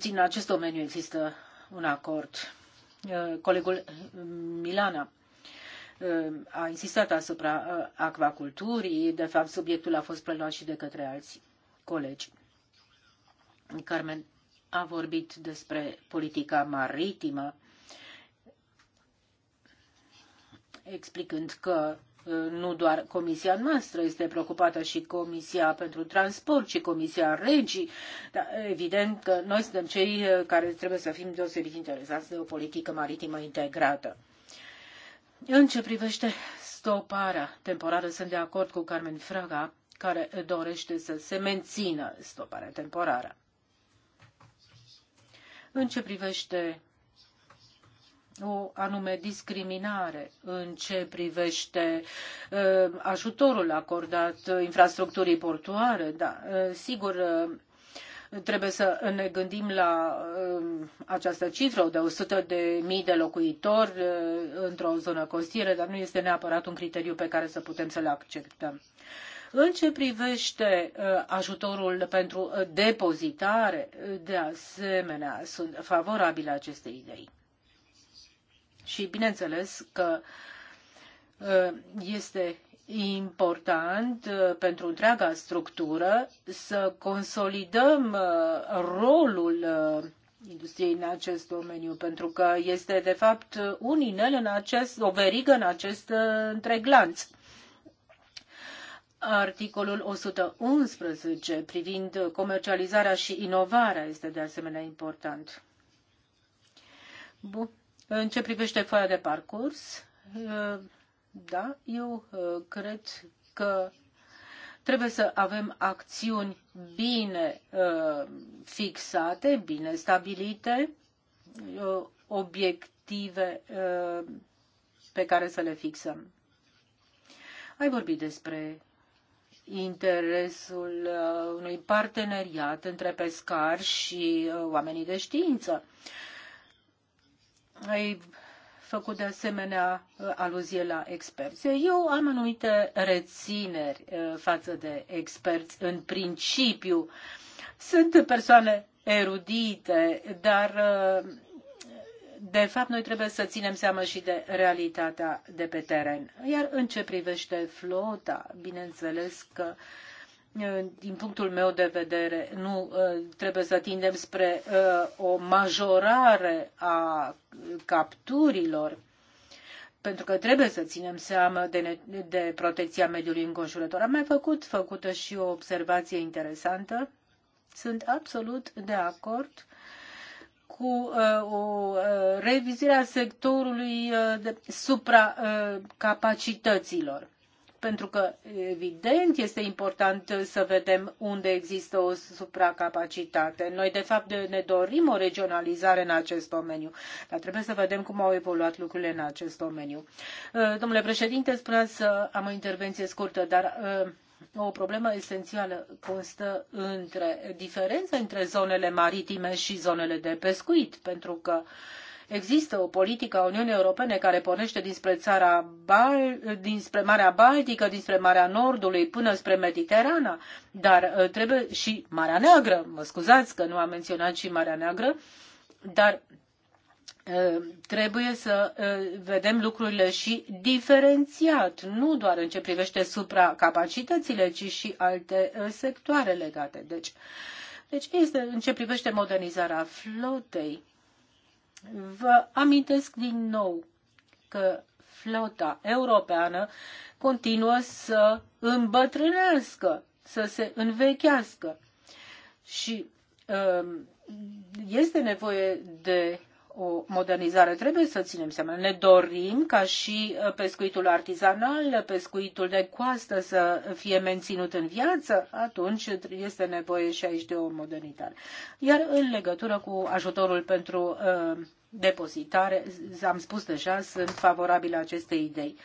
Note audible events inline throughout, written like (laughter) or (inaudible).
puțin în acest domeniu există un acord. Uh, colegul uh, Milana uh, a insistat asupra acvaculturii, de fapt subiectul a fost preluat și de către alți colegi. Carmen a vorbit despre politica maritimă, explicând că nu doar comisia noastră este preocupată și comisia pentru transport și comisia regii. Dar evident că noi suntem cei uh, care trebuie să fim deosebit interesați de o politică maritimă integrată. În ce privește stoparea temporară, sunt de acord cu Carmen Fraga, care dorește să se mențină stoparea temporară. În ce privește o anume discriminare în ce privește uh, ajutorul acordat infrastructurii portuare. Da, uh, sigur, uh, trebuie să ne gândim la această cifră de 100 de mii de locuitori într-o zonă costieră, dar nu este neapărat un criteriu pe care să putem să-l acceptăm. În ce privește ajutorul pentru depozitare, de asemenea, sunt favorabile acestei idei. Și bineînțeles că uh, este important uh, pentru întreaga structură să consolidăm uh, rolul industriei în acest domeniu, pentru că este de fapt un inel în acest, o verigă în acest întreg lanț. Articolul 111 privind comercializarea și inovarea este de asemenea important. Bun. În ce privește foaia de parcurs, da, eu cred că trebuie să avem acțiuni bine fixate, bine stabilite, obiective pe care să le fixăm. Ai vorbit despre interesul uh, unui parteneriat între pescari și uh, oamenii de știință ai făcut de asemenea uh, aluzie la experți. Eu am anumite rețineri uh, față de experți în principiu. Sunt persoane erudite, dar uh, de fapt noi trebuie să ținem seama și de realitatea de pe teren. Iar în ce privește flota, bineînțeles că uh, din punctul meu de vedere, nu uh, trebuie să tindem spre uh, o majorare a capturilor, pentru că trebuie să ținem seama de, de protecția mediului înconjurător. Am mai făcut, făcută și o observație interesantă. Sunt absolut de acord cu uh, o uh, revizire a sectorului uh, de supracapacităților. Uh, pentru că, evident, este important să vedem unde există o supracapacitate. Noi, de fapt, ne dorim o regionalizare în acest domeniu, dar trebuie să vedem cum au evoluat lucrurile în acest domeniu. Uh, domnule președinte, spuneați să am o intervenție scurtă, dar uh, o problemă esențială constă între diferența între zonele maritime și zonele de pescuit, pentru că uh, Există o politică a Uniunii Europene care pornește dinspre, țara Bal- dinspre Marea Baltică, dinspre Marea Nordului până spre Mediterana, dar uh, trebuie și Marea Neagră, mă scuzați că nu am menționat și Marea Neagră, dar uh, trebuie să uh, vedem lucrurile și diferențiat, nu doar în ce privește supracapacitățile, ci și alte sectoare legate. Deci, deci este în ce privește modernizarea flotei. Vă amintesc din nou că flota europeană continuă să îmbătrânească, să se învechească și um, este nevoie de o modernizare. Trebuie să ținem seama. Ne dorim ca și uh, pescuitul artizanal, pescuitul de coastă să fie menținut în viață, atunci este nevoie și aici de o modernizare. Iar în legătură cu ajutorul pentru uh, depozitare, am spus deja, sunt favorabile acestei idei.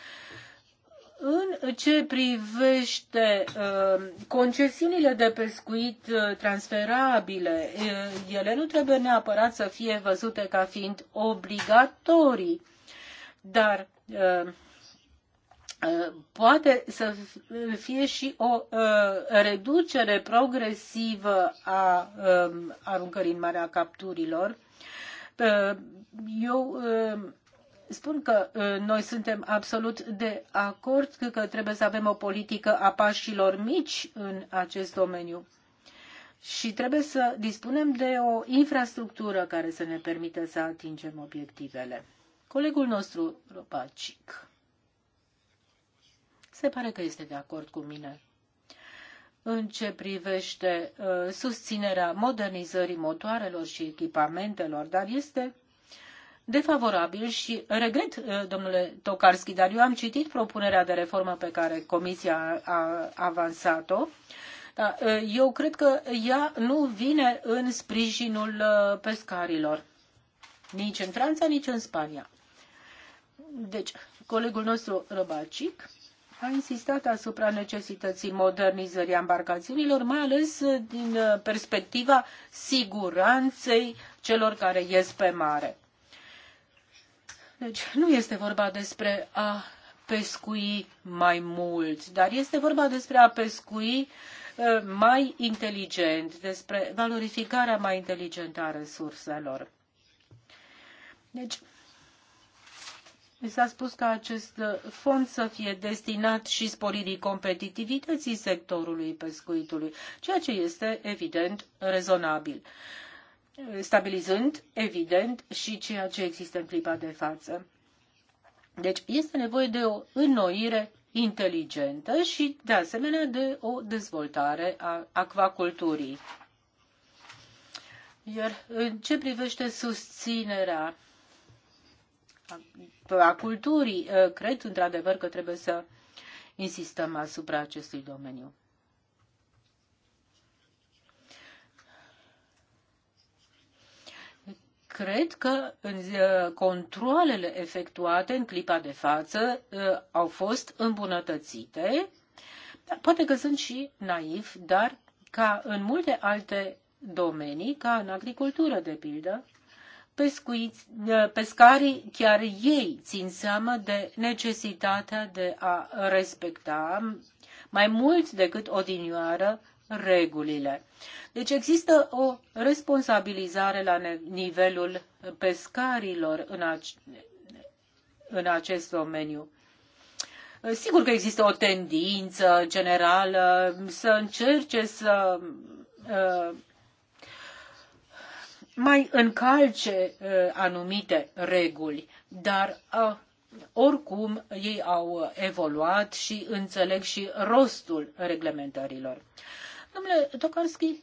În ce privește uh, concesiunile de pescuit uh, transferabile, uh, ele nu trebuie neapărat să fie văzute ca fiind obligatorii, dar poate să fie și o reducere progresivă a um, aruncării în marea capturilor Uh, eu uh, spun că uh, noi suntem absolut de acord că trebuie să avem o politică a pașilor mici în acest domeniu și trebuie să dispunem de o infrastructură care să ne permită să atingem obiectivele. Colegul nostru, Ropacic, se pare că este de acord cu mine în ce privește uh, susținerea modernizării motoarelor și echipamentelor, dar este defavorabil și regret, uh, domnule Tokarski, dar eu am citit propunerea de reformă pe care Comisia a avansat-o. Uh, eu cred că ea nu vine în sprijinul pescarilor, nici în Franța, nici în Spania. Deci, colegul nostru Răbacic a insistat asupra necesității modernizării embarcațiunilor, mai ales din uh, perspectiva siguranței celor care ies pe mare. Deci nu este vorba despre a pescui mai mult, dar este vorba despre a pescui uh, mai inteligent, despre valorificarea mai inteligentă a resurselor. Deci, mi S-a spus ca acest fond să fie destinat și sporirii competitivității sectorului pescuitului, ceea ce este evident rezonabil, stabilizând evident și ceea ce există în clipa de față. Deci este nevoie de o înnoire inteligentă și, de asemenea, de o dezvoltare a acvaculturii. Iar în ce privește susținerea a culturii. Uh, cred într-adevăr că trebuie să insistăm asupra acestui domeniu. Cred că uh, controlele efectuate în clipa de față uh, au fost îmbunătățite. Poate că sunt și naiv, dar ca în multe alte domenii, ca în agricultură, de pildă, pescuiți, pescarii chiar ei țin seama de necesitatea de a respecta mai mult decât odinioară regulile. Deci există o responsabilizare la nivelul pescarilor în, ac- în acest domeniu. Sigur că există o tendință generală să încerce să uh, mai încalce uh, anumite reguli, dar uh, oricum ei au uh, evoluat și înțeleg și rostul reglementărilor. Domnule Tokarski,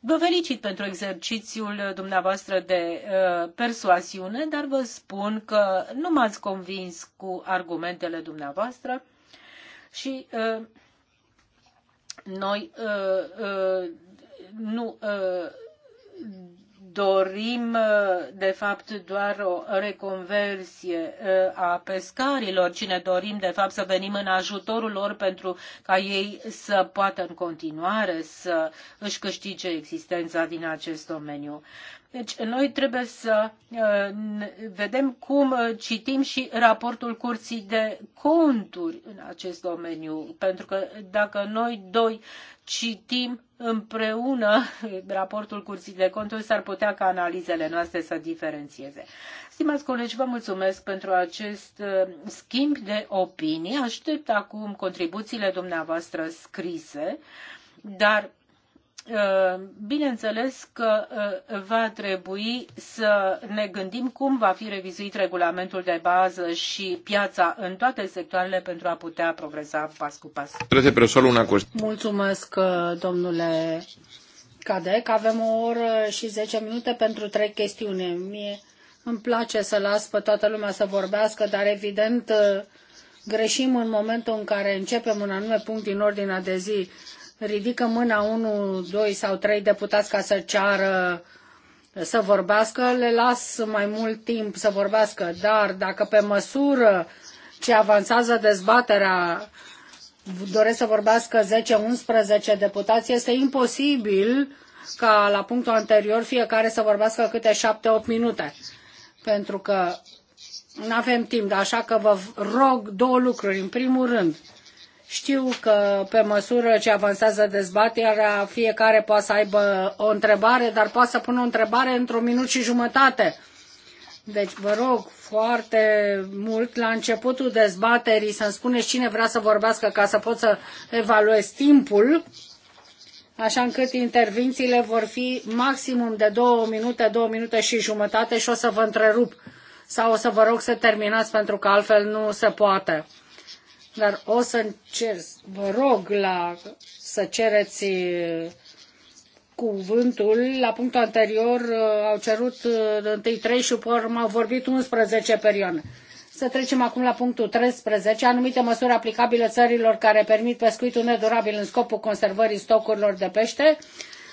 vă felicit pentru exercițiul dumneavoastră de persoasiune, dar vă spun că nu m-ați convins cu argumentele dumneavoastră și noi nu dorim de fapt doar o reconversie uh, a pescarilor, ci ne dorim de fapt să venim în ajutorul lor pentru ca ei să poată în continuare să își câștige existența din acest domeniu. Deci noi trebuie să uh, vedem cum uh, citim și raportul Curții de Conturi în acest domeniu, pentru că dacă noi doi citim împreună (laughs) raportul Curții de Conturi, s-ar putea ca analizele noastre să diferențieze. Stimați colegi, vă mulțumesc pentru acest uh, schimb de opinii. Aștept acum contribuțiile dumneavoastră scrise, dar Uh, bineînțeles că uh, va trebui să ne gândim cum va fi revizuit regulamentul de bază și piața în toate sectoarele pentru a putea progresa pas cu pas. Mulțumesc, uh, domnule Cadec. Avem o oră și 10 minute pentru trei chestiuni. Mie îmi place să las pe toată lumea să vorbească, dar evident greșim în momentul în care începem un anume punct din ordinea de zi ridică mâna unu, doi sau trei deputați ca să ceară să vorbească, le las mai mult timp să vorbească, dar dacă pe măsură ce avansează dezbaterea doresc să vorbească 10-11 deputați, este imposibil ca la punctul anterior fiecare să vorbească câte 7-8 minute. Pentru că nu avem timp, așa că vă rog două lucruri. În primul rând, știu că pe măsură ce avansează dezbaterea, fiecare poate să aibă o întrebare, dar poate să pună o întrebare într-un minut și jumătate. Deci vă rog foarte mult la începutul dezbaterii să-mi spuneți cine vrea să vorbească ca să pot să evaluez timpul, așa încât intervențiile vor fi maximum de două minute, două minute și jumătate și o să vă întrerup sau o să vă rog să terminați pentru că altfel nu se poate dar o să încerc, vă rog la, să cereți uh, cuvântul. La punctul anterior uh, au cerut uh, întâi 3 și pe urmă au vorbit 11 perioane. Să trecem acum la punctul 13, anumite măsuri aplicabile țărilor care permit pescuitul nedurabil în scopul conservării stocurilor de pește.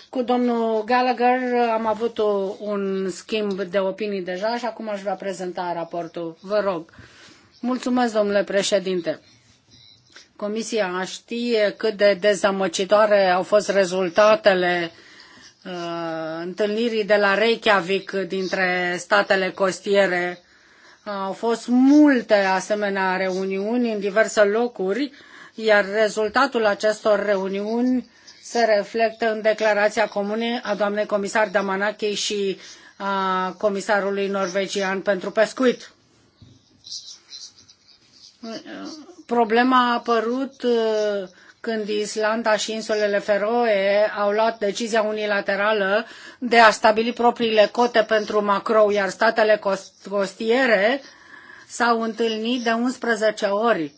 Cu domnul Gallagher am avut un schimb de opinii deja și acum aș vrea prezenta raportul. Vă rog. Mulțumesc, domnule președinte. Comisia știe cât de dezamăcitoare au fost rezultatele uh, întâlnirii de la Reykjavik dintre statele costiere. Au fost multe asemenea reuniuni în diverse locuri, iar rezultatul acestor reuniuni se reflectă în declarația comune a doamnei comisar Damanaki și a comisarului norvegian pentru pescuit. Uh, Problema a apărut uh, când Islanda și insulele Feroe au luat decizia unilaterală de a stabili propriile cote pentru macrou, iar statele costiere s-au întâlnit de 11 ori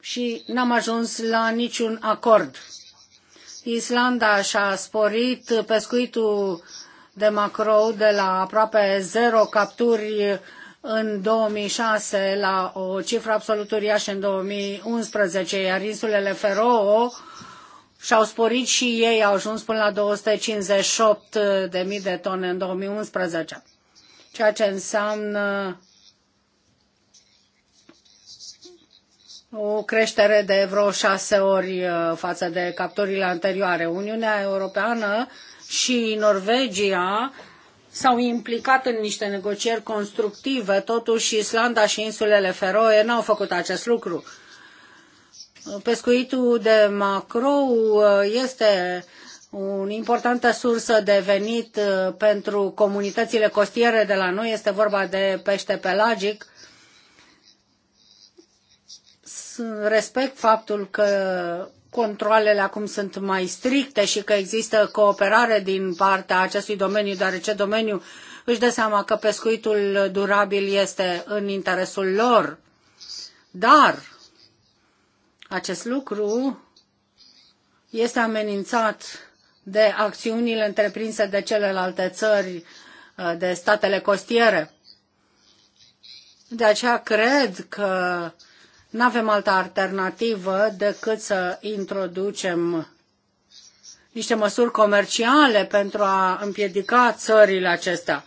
și n-am ajuns la niciun acord. Islanda și-a sporit pescuitul de macrou de la aproape zero capturi în 2006 la o cifră absolut uriașă în 2011, iar insulele Feroe și-au sporit și ei, au ajuns până la 258 de mii de tone în 2011, ceea ce înseamnă o creștere de vreo șase ori uh, față de capturile anterioare. Uniunea Europeană și Norvegia s-au implicat în niște negocieri constructive, totuși Islanda și insulele Feroe n-au făcut acest lucru. Pescuitul de macrou uh, este o importantă sursă de venit uh, pentru comunitățile costiere de la noi, este vorba de pește pelagic. Respect faptul că controlele acum sunt mai stricte și că există cooperare din partea acestui domeniu, deoarece domeniul își dă seama că pescuitul durabil este în interesul lor. Dar acest lucru este amenințat de acțiunile întreprinse de celelalte țări, uh, de statele costiere. De aceea cred că uh, nu avem altă alternativă decât să introducem niște măsuri comerciale pentru a împiedica țările acestea.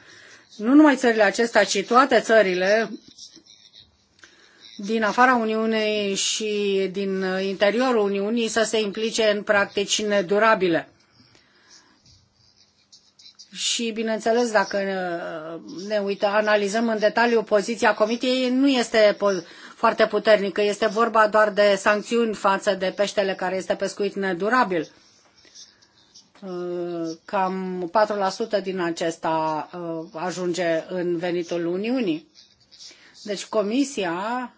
Nu numai țările acestea, ci toate țările din afara Uniunii și din interiorul Uniunii să se implice în practici nedurabile. Și, bineînțeles, dacă ne uităm, analizăm în detaliu poziția comitiei, nu este po- foarte puternică. Este vorba doar de sancțiuni față de peștele care este pescuit nedurabil. Uh, cam 4% din acesta uh, ajunge în venitul Uniunii. Deci Comisia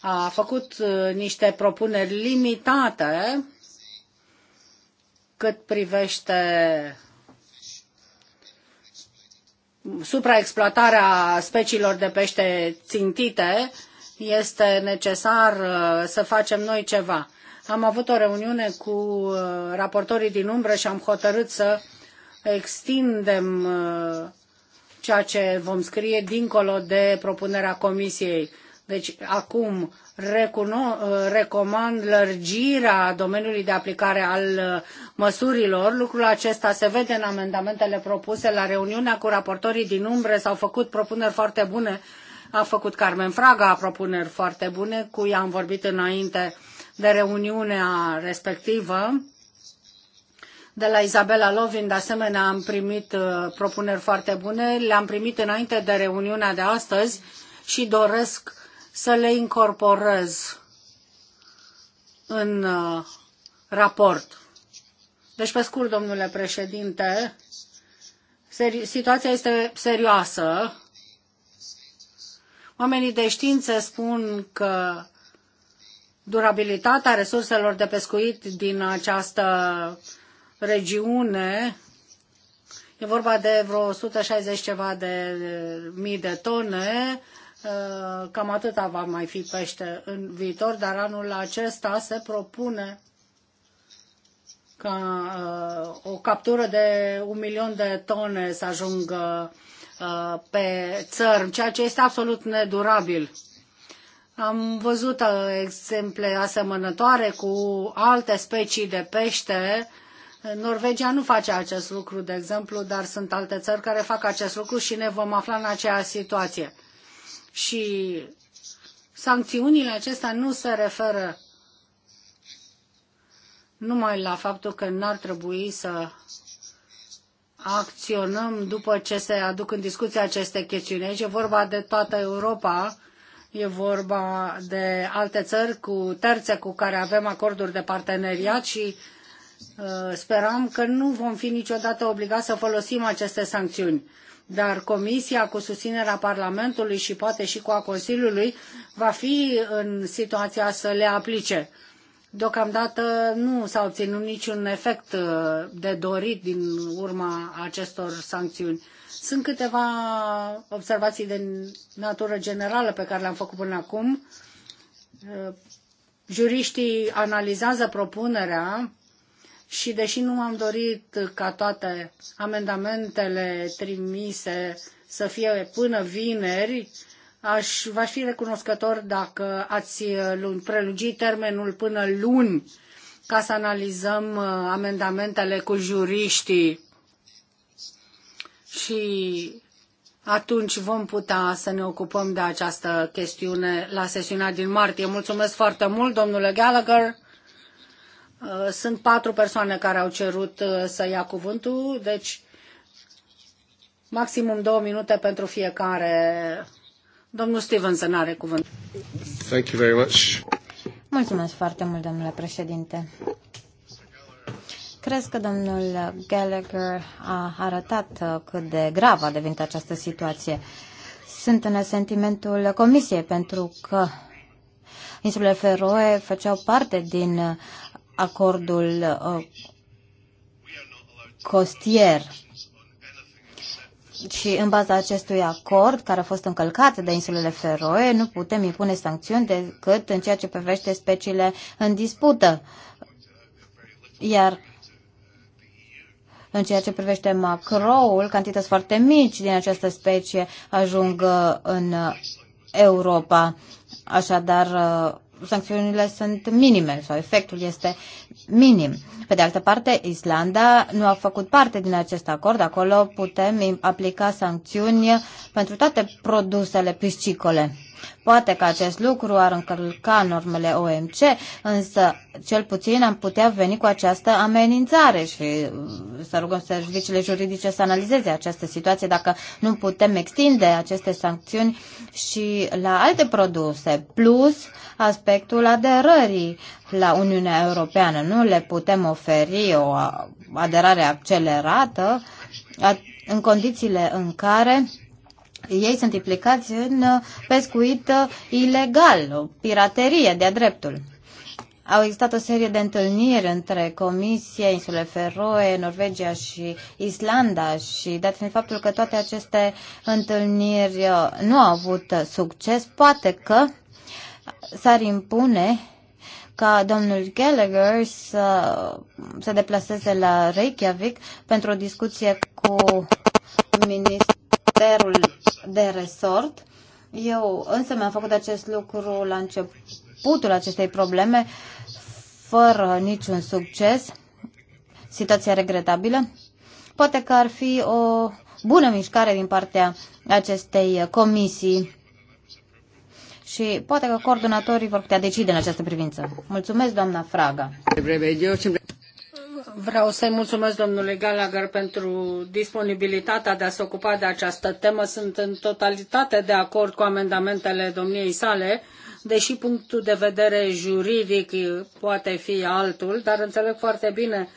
a făcut uh, niște propuneri limitate cât privește supraexploatarea speciilor de pește țintite, este necesar uh, să facem noi ceva. Am avut o reuniune cu uh, raportorii din umbră și am hotărât să extindem uh, ceea ce vom scrie dincolo de propunerea comisiei. Deci acum recomand lărgirea domeniului de aplicare al uh, măsurilor. Lucrul acesta se vede în amendamentele propuse la reuniunea cu raportorii din umbre. S-au făcut propuneri foarte bune. A făcut Carmen Fraga propuneri foarte bune, cu ea am vorbit înainte de reuniunea respectivă. De la Izabela Lovin, de asemenea, am primit uh, propuneri foarte bune. Le-am primit înainte de reuniunea de astăzi și doresc să le incorporez în uh, raport. Deci, pe scurt, domnule președinte, situația este serioasă. Oamenii de știință spun că durabilitatea resurselor de pescuit din această regiune e vorba de vreo 160 ceva de mii de tone, Uh, cam atâta va mai fi pește în viitor, dar anul acesta se propune ca uh, o captură de un milion de tone să ajungă uh, pe țărm, ceea ce este absolut nedurabil. Am văzut exemple asemănătoare cu alte specii de pește. Norvegia nu face acest lucru, de exemplu, dar sunt alte țări care fac acest lucru și ne vom afla în aceeași situație și sancțiunile acestea nu se referă numai la faptul că n-ar trebui să acționăm după ce se aduc în discuție aceste chestiuni. Aici e vorba de toată Europa, e vorba de alte țări cu terțe cu care avem acorduri de parteneriat și uh, sperăm că nu vom fi niciodată obligați să folosim aceste sancțiuni dar Comisia, cu susținerea Parlamentului și poate și cu a Consiliului, va fi în situația să le aplice. Deocamdată nu s-a obținut niciun efect uh, de dorit din urma acestor sancțiuni. Sunt câteva observații de natură generală pe care le-am făcut până acum. Uh, juriștii analizează propunerea și deși nu am dorit ca toate amendamentele trimise să fie până vineri, aș, v-aș fi recunoscător dacă ați prelungi termenul până luni ca să analizăm uh, amendamentele cu juriștii și atunci vom putea să ne ocupăm de această chestiune la sesiunea din martie. Mulțumesc foarte mult, domnule Gallagher. Uh, sunt patru persoane care au cerut uh, să ia cuvântul, deci maximum două minute pentru fiecare. Domnul Stevenson are cuvânt. Thank you very much. Mulțumesc foarte mult, domnule președinte. Cred că domnul Gallagher a arătat uh, cât de gravă a devenit această situație. Sunt în sentimentul comisiei pentru că insulele Feroe făceau parte din acordul uh, costier. Și în baza acestui acord, care a fost încălcat de insulele Feroe, nu putem impune sancțiuni decât în ceea ce privește speciile în dispută. Iar în ceea ce privește macroul, cantități foarte mici din această specie ajung uh, în Europa. Așadar, uh, sancțiunile sunt minime sau efectul este minim. Pe de altă parte, Islanda nu a făcut parte din acest acord. Acolo putem aplica sancțiuni pentru toate produsele piscicole. Poate că acest lucru ar încălca normele OMC, însă cel puțin am putea veni cu această amenințare și uh, să rugăm serviciile juridice să analizeze această situație dacă nu putem extinde aceste sancțiuni și la alte produse, plus aspectul aderării la Uniunea Europeană. Nu le putem oferi o aderare accelerată în condițiile în care ei sunt implicați în uh, pescuit uh, ilegal, piraterie de-a dreptul. Au existat o serie de întâlniri între Comisia, Insule Feroe, Norvegia și Islanda și dat fiind faptul că toate aceste întâlniri uh, nu au avut succes, poate că s-ar impune ca domnul Gallagher să se deplaseze la Reykjavik pentru o discuție cu ministrul ministerul de resort. Eu însă mi-am făcut acest lucru la începutul acestei probleme, fără niciun succes. Situația regretabilă. Poate că ar fi o bună mișcare din partea acestei comisii și poate că coordonatorii vor putea decide în această privință. Mulțumesc, doamna Fraga. Vreau să-i mulțumesc domnului Gallagher pentru disponibilitatea de a se ocupa de această temă. Sunt în totalitate de acord cu amendamentele domniei sale, deși punctul de vedere juridic poate fi altul, dar înțeleg foarte bine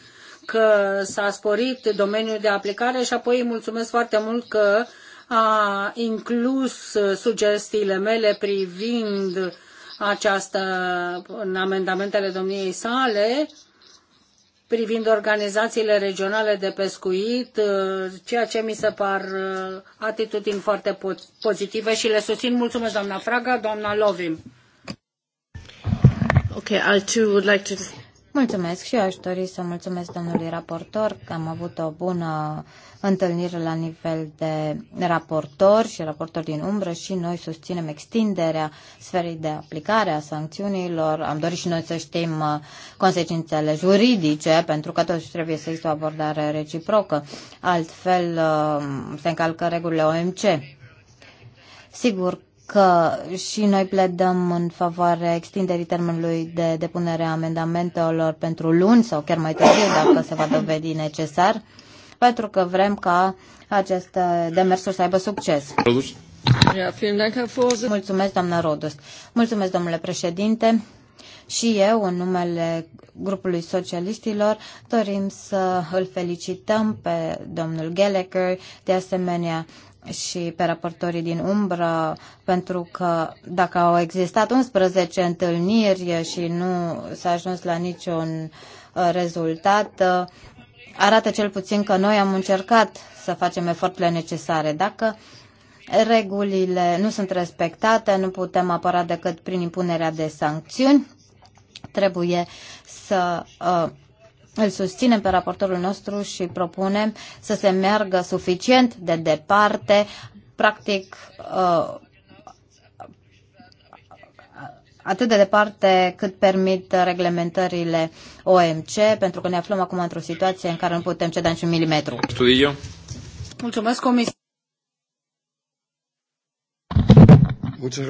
că s-a sporit domeniul de aplicare și apoi îi mulțumesc foarte mult că a inclus sugestiile mele privind această, în amendamentele domniei sale, privind organizațiile regionale de pescuit, uh, ceea ce mi se par uh, atitudini foarte pozitive și le susțin. Mulțumesc, doamna Fraga, doamna Lovim. I too would like to Mulțumesc și eu aș dori să mulțumesc domnului raportor că am avut o bună întâlnire la nivel de raportor și raportor din umbră și noi susținem extinderea sferei de aplicare a sancțiunilor. Am dorit și noi să știm uh, consecințele juridice pentru că totuși trebuie să există o abordare reciprocă. Altfel uh, se încalcă regulile OMC. Sigur că și noi pledăm în favoarea extinderii termenului de depunere a amendamentelor pentru luni sau chiar mai târziu, dacă se va dovedi necesar, pentru că vrem ca acest demers să aibă succes. Mulțumesc, doamna Rodus. Mulțumesc, domnule președinte. Și eu, în numele grupului socialiștilor, dorim să îl felicităm pe domnul Gallagher, de asemenea și pe raportorii din umbră, pentru că dacă au existat 11 întâlniri și nu s-a ajuns la niciun uh, rezultat, uh, arată cel puțin că noi am încercat să facem eforturile necesare. Dacă regulile nu sunt respectate, nu putem apăra decât prin impunerea de sancțiuni. Trebuie să uh, îl susținem pe raportorul nostru și propunem să se meargă suficient de departe, practic uh, atât de departe cât permit reglementările OMC, pentru că ne aflăm acum într-o situație în care nu putem ceda niciun milimetru. Studio. Mulțumesc, comisie. Muchas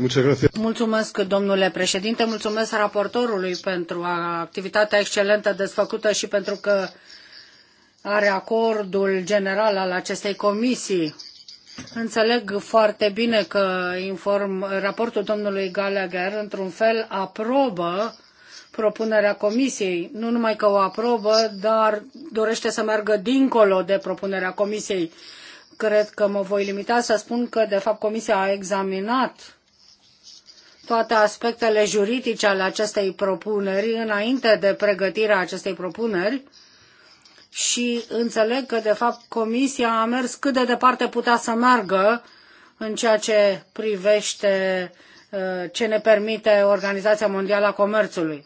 Muchas Mulțumesc, domnule președinte. Mulțumesc raportorului pentru activitatea excelentă desfăcută și pentru că are acordul general al acestei comisii. Înțeleg foarte bine că inform, raportul domnului Gallagher, într-un fel, aprobă propunerea comisiei. Nu numai că o aprobă, dar dorește să meargă dincolo de propunerea comisiei cred că mă voi limita să spun că, de fapt, Comisia a examinat toate aspectele juridice ale acestei propuneri înainte de pregătirea acestei propuneri și înțeleg că, de fapt, Comisia a mers cât de departe putea să meargă în ceea ce privește uh, ce ne permite Organizația Mondială a Comerțului.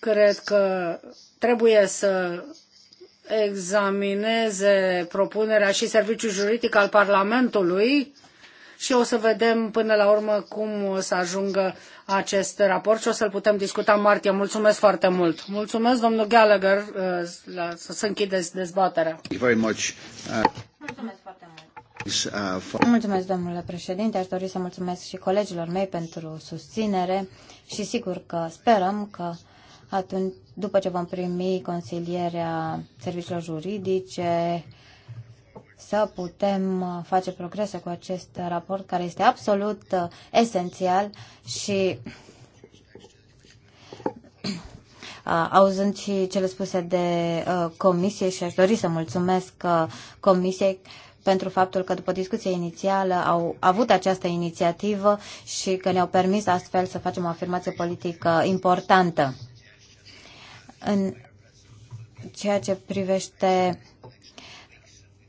Cred că trebuie să examineze propunerea și serviciul juridic al Parlamentului și o să vedem până la urmă cum o să ajungă acest raport și o să-l putem discuta în martie. Mulțumesc foarte mult. Mulțumesc, domnul Gallagher, uh, să închideți dezbaterea. Mulțumesc foarte mult. Uh, mulțumesc, domnule președinte. Aș dori să mulțumesc și colegilor mei pentru susținere și sigur că sperăm că atunci, după ce vom primi consilierea serviciilor juridice, să putem uh, face progrese cu acest raport care este absolut uh, esențial și uh, auzând și cele spuse de comisie și aș dori să mulțumesc comisiei pentru faptul că după discuția inițială au avut această inițiativă și că ne-au permis astfel să facem o afirmație politică importantă. În ceea ce privește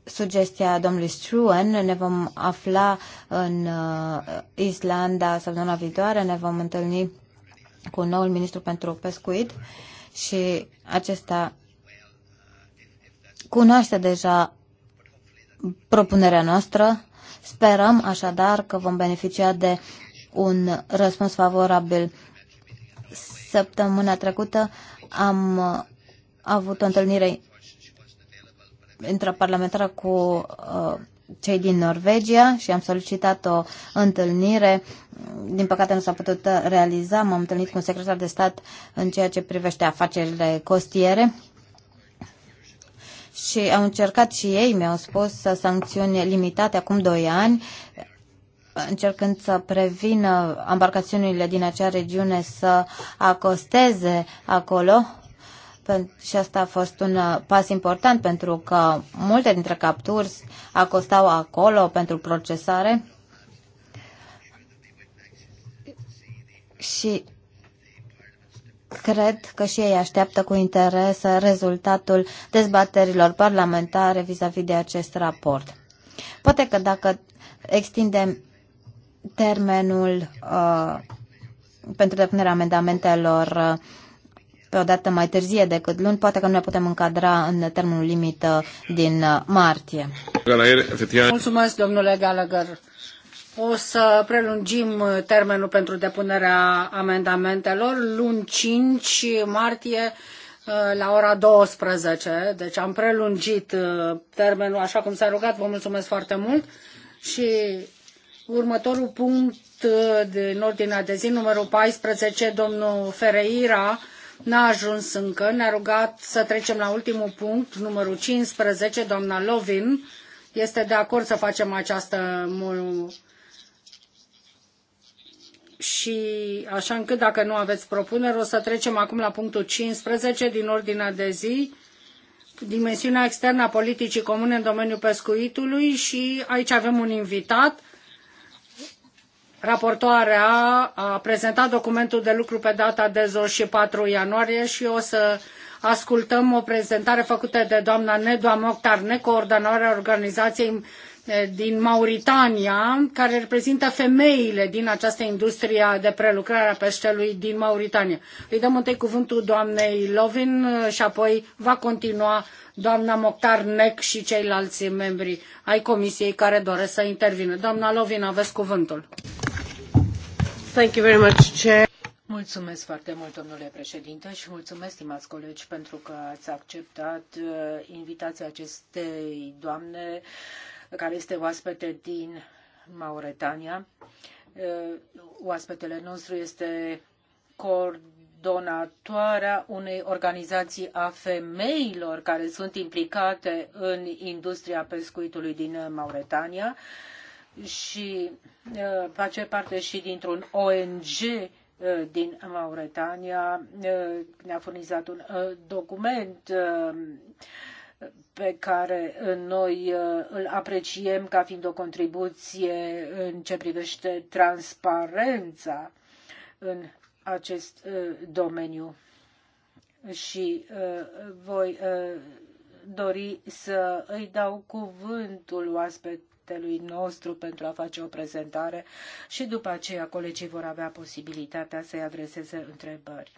sugestia domnului Struan, ne vom afla în uh, Islanda săptămâna viitoare, ne vom întâlni cu noul ministru pentru pescuit și acesta cunoaște deja propunerea noastră. Sperăm așadar că vom beneficia de un răspuns favorabil. Săptămâna trecută am avut o întâlnire intraparlamentară cu uh, cei din Norvegia și am solicitat o întâlnire. Din păcate nu s-a putut realiza. M-am întâlnit cu un secretar de stat în ceea ce privește afacerile costiere și au încercat și ei, mi-au spus, sancțiuni limitate acum 2 ani încercând să prevină embarcațiunile din acea regiune să acosteze acolo. Și asta a fost un uh, pas important pentru că multe dintre capturi acostau acolo pentru procesare. Și cred că și ei așteaptă cu interes rezultatul dezbaterilor parlamentare vis-a-vis -vis de acest raport. Poate că dacă extindem termenul uh, pentru depunerea amendamentelor uh, pe o dată mai târzie decât luni, poate că nu ne putem încadra în termenul limită uh, din uh, martie. Mulțumesc, domnule Gallagher. O să prelungim termenul pentru depunerea amendamentelor luni 5 martie la ora 12. Deci am prelungit termenul așa cum s-a rugat. Vă mulțumesc foarte mult și Următorul punct uh, din ordinea de zi, numărul 14, domnul Ferreira n-a ajuns încă, ne-a rugat să trecem la ultimul punct, numărul 15, doamna Lovin este de acord să facem această și așa încât dacă nu aveți propuneri, o să trecem acum la punctul 15 din ordinea de zi, dimensiunea externă a politicii comune în domeniul pescuitului și aici avem un invitat Raportoarea a prezentat documentul de lucru pe data de 24 ianuarie și o să ascultăm o prezentare făcută de doamna Nedua Mokhtar, necoordonarea organizației eh, din Mauritania, care reprezintă femeile din această industrie de prelucrare a peștelui din Mauritania. Îi dăm întâi cuvântul doamnei Lovin eh, și apoi va continua doamna Moctar Nec și ceilalți membri ai comisiei care doresc să intervină. Doamna Lovin, aveți cuvântul. Thank you very much, Chair. Mulțumesc foarte mult, domnule președinte, și mulțumesc, stimați colegi, pentru că ați acceptat uh, invitația acestei doamne care este oaspete din Mauretania. Uh, oaspetele nostru este Cord donatoarea unei organizații a femeilor care sunt implicate în industria pescuitului din Mauretania și uh, face parte și dintr-un ONG uh, din Mauretania. Uh, ne-a furnizat un document pe care noi îl apreciem ca fiind o contribuție în ce privește transparența în acest uh, domeniu și uh, voi uh, dori să îi dau cuvântul oaspetelui nostru pentru a face o prezentare și după aceea colegii vor avea posibilitatea să-i adreseze întrebări.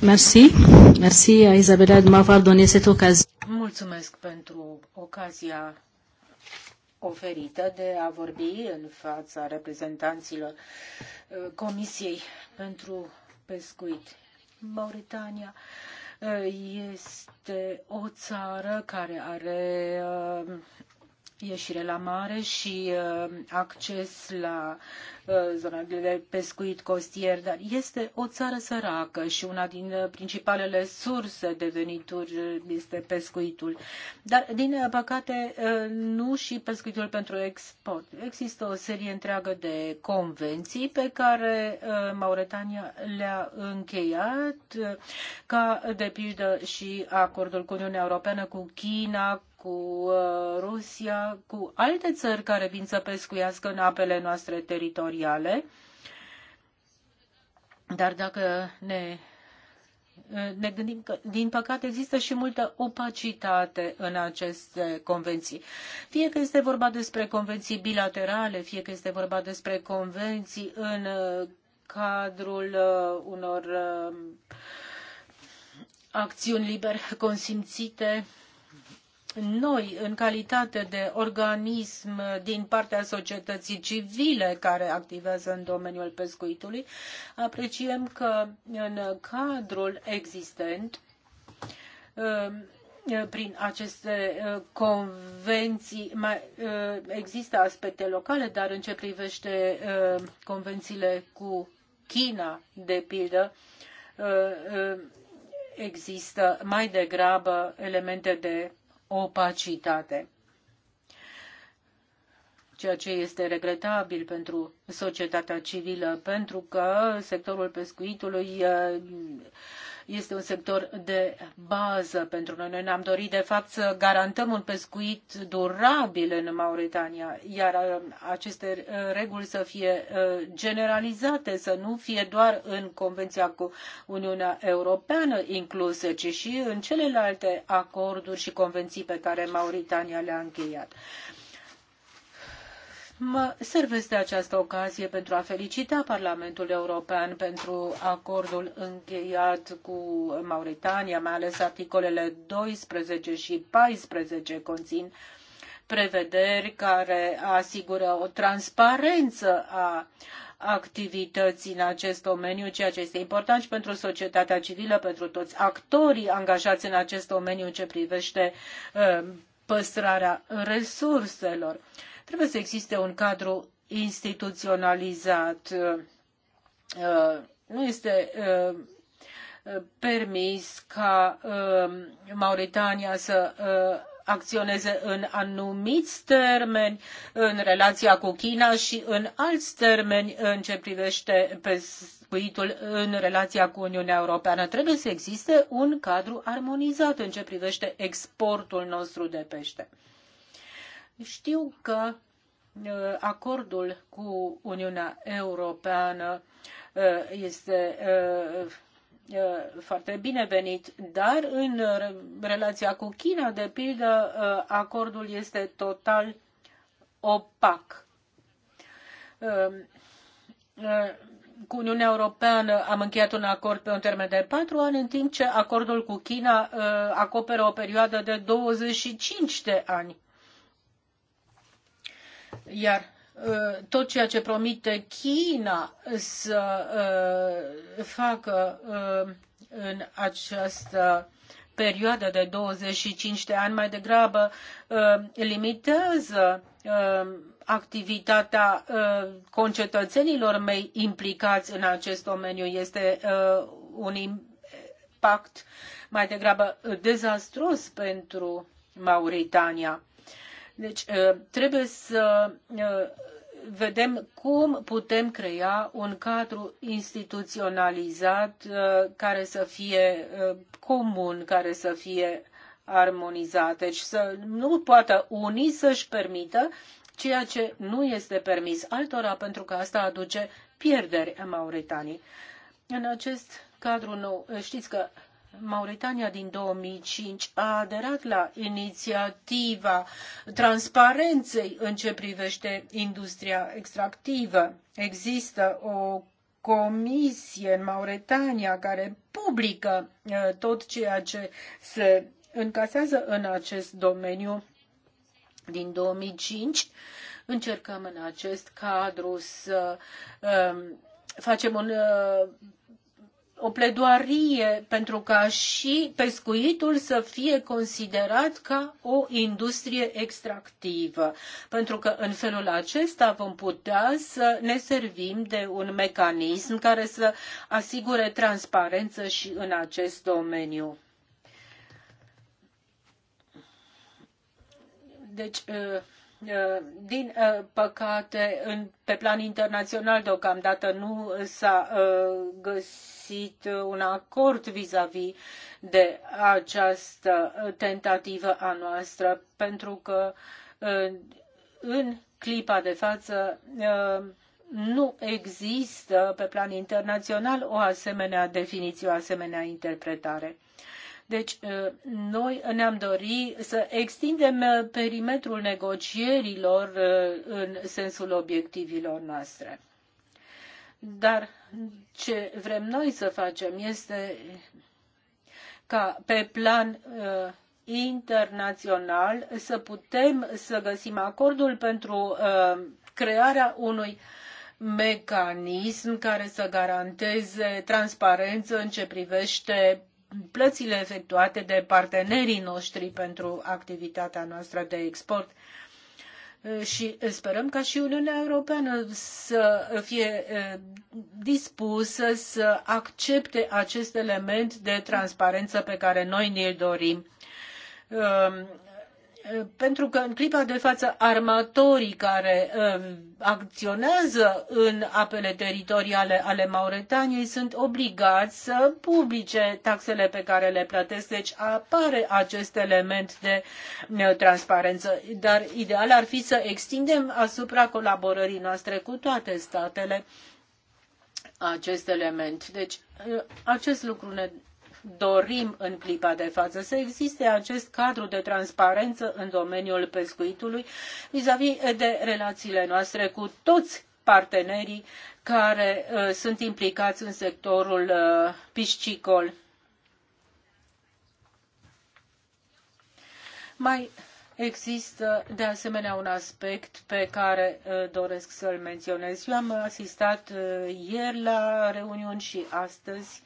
Merci. Merci, Isabela, de m-a donat această ocazie. Mulțumesc pentru ocazia oferită de a vorbi în fața reprezentanților uh, Comisiei pentru Pescuit. Mauritania uh, este o țară care are uh, ieșire la mare și acces la Uh, zona de pescuit costier, dar este o țară săracă și una din uh, principalele surse de venituri uh, este pescuitul. Dar, din păcate, nu și pescuitul pentru export. Există o serie întreagă de convenții pe care Mauretania le-a încheiat, ca de pildă și acordul cu Uniunea Europeană, cu China, cu Rusia, cu alte țări care vin să pescuiască în apele noastre teritoriale materiale. Dar dacă ne, ne gândim că, din păcate, există și multă opacitate în aceste convenții. Fie că este vorba despre convenții bilaterale, fie că este vorba despre convenții în uh, cadrul uh, unor uh, acțiuni liber consimțite, noi, în calitate de organism din partea societății civile care activează în domeniul pescuitului, apreciem că în cadrul existent um, prin aceste uh, convenții mai uh, există aspecte locale, dar în ce privește uh, convențiile cu China, de pildă, există mai degrabă elemente de opacitate ceea ce este regretabil pentru societatea civilă, pentru că sectorul pescuitului uh, este un sector de bază pentru noi. Noi ne-am dorit, de fapt, să garantăm un pescuit durabil în Mauritania, iar uh, aceste uh, reguli să fie uh, generalizate, să nu fie doar în Convenția cu Uniunea Europeană incluse, ci și în celelalte acorduri și convenții pe care Mauritania le-a încheiat. Mă servesc de această ocazie pentru a felicita Parlamentul European pentru acordul încheiat cu Mauritania, mai ales articolele 12 și 14 conțin prevederi care asigură o transparență a activității în acest domeniu, ceea ce este important și pentru societatea civilă, pentru toți actorii angajați în acest domeniu ce privește uh, păstrarea resurselor. Trebuie să existe un cadru instituționalizat. Nu este uh, uh, permis ca uh, Mauritania să acționeze în anumiți termeni în relația cu China și în alți termeni în ce privește pescuitul în relația cu Uniunea Europeană. Trebuie să existe un cadru armonizat în ce privește exportul nostru de pește. Știu că uh, acordul cu Uniunea Europeană uh, este uh, foarte binevenit, dar în relația cu China, de pildă, acordul este total opac. Um, cu Uniunea Europeană am încheiat un acord pe un termen de patru ani, în timp ce acordul cu China acoperă o perioadă de 25 de ani. Iar ă, tot ceea ce promite China să ă, facă ă, în această perioadă de 25 de ani mai degrabă limitează activitatea concetățenilor mei implicați în acest domeniu. Este un impact mai degrabă dezastros pentru Mauritania. Deci uh, trebuie să uh, vedem cum putem crea un cadru instituționalizat uh, care să fie comun, care să fie armonizat. Deci să nu poată unii să-și permită ceea ce nu este permis altora, pentru că asta aduce pierderi Mauritanii. În acest cadru nou, știți că Mauritania din 2005 a aderat la inițiativa transparenței în ce privește industria extractivă. Există o comisie în Mauretania care publică uh, tot ceea ce se încasează în acest domeniu din 2005. Încercăm în acest cadru să um, facem un uh, o pledoarie pentru ca și pescuitul să fie considerat ca o industrie extractivă, pentru că în felul acesta vom putea să ne servim de un mecanism care să asigure transparență și în acest domeniu. Deci, uh, Eh, din eh, păcate, în, pe plan internațional deocamdată nu s-a eh, găsit un acord vis-a-vis -vis de această tentativă a noastră, pentru că în clipa de față nu există pe plan internațional o asemenea definiție, o asemenea interpretare. Deci, ă, noi ne-am dori să extindem ă, perimetrul negocierilor ă, în sensul obiectivilor noastre. Dar ce vrem noi să facem este ca pe plan uh, internațional să putem să găsim acordul pentru uh, crearea unui mecanism care să garanteze transparență în ce privește plățile efectuate de partenerii noștri pentru activitatea noastră de export și sperăm ca și Uniunea Europeană să fie dispusă să accepte acest element de transparență pe care noi ne-l dorim pentru că în clipa de față armatorii care uh, acționează în apele teritoriale ale Mauretaniei sunt obligați să publice taxele pe care le plătesc, deci apare acest element de uh, transparență. Dar ideal ar fi să extindem asupra colaborării noastre cu toate statele acest element. Deci uh, acest lucru ne dorim în clipa de față. Să existe acest cadru de transparență în domeniul pescuitului vis-a-vis -vis de relațiile noastre cu toți partenerii care uh, sunt implicați în sectorul uh, piscicol. Mai Există, de asemenea, un aspect pe care uh, doresc să-l menționez. Eu am asistat uh, ieri la reuniuni și astăzi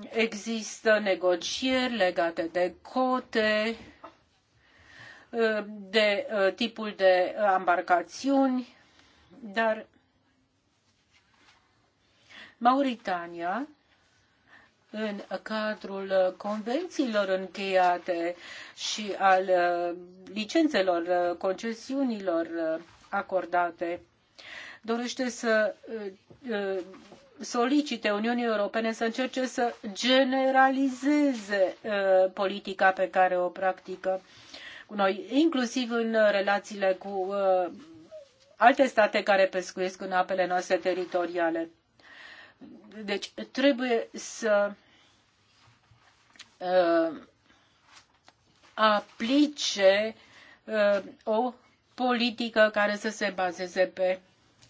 Există negocieri legate de cote, de uh, tipul de embarcațiuni, dar Mauritania în cadrul convențiilor încheiate și al uh, licențelor, uh, concesiunilor acordate, dorește să solicite Uniunii Europene să încerce să generalizeze uh, politica pe care o practică cu noi, inclusiv în relațiile cu uh, alte state care pescuiesc în apele noastre teritoriale. Deci trebuie să uh, aplice uh, o politică care să se bazeze pe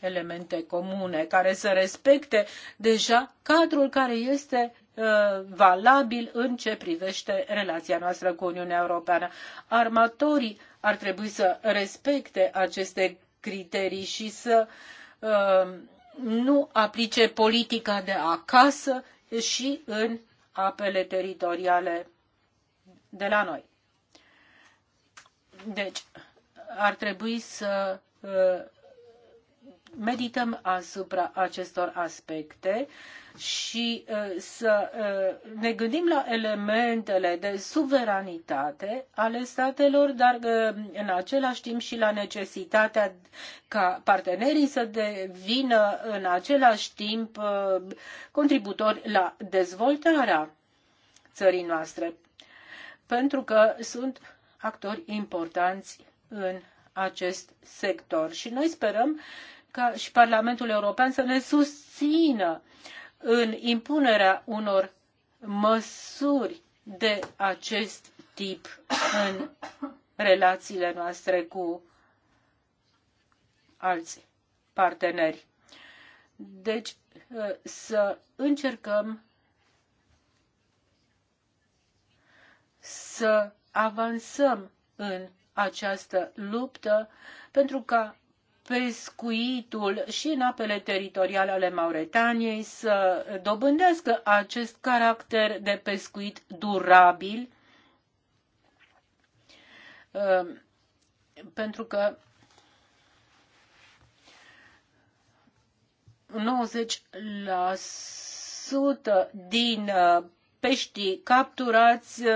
elemente comune care să respecte deja cadrul care este uh, valabil în ce privește relația noastră cu Uniunea Europeană. Armatorii ar trebui să respecte aceste criterii și să uh, nu aplice politica de acasă și în apele teritoriale de la noi. Deci, ar trebui să uh, medităm asupra acestor aspecte și uh, să uh, ne gândim la elementele de suveranitate ale statelor, dar uh, în același timp și la necesitatea ca partenerii să devină în același timp contributori la dezvoltarea țării noastre, pentru că sunt actori importanți în acest sector și noi sperăm ca și Parlamentul European să ne susțină în impunerea unor măsuri de acest tip în relațiile noastre cu alți parteneri. Deci să încercăm să avansăm în această luptă pentru ca pescuitul și în apele teritoriale ale Mauretaniei să dobândească acest caracter de pescuit durabil, uh, pentru că 90% din uh, peștii capturați uh,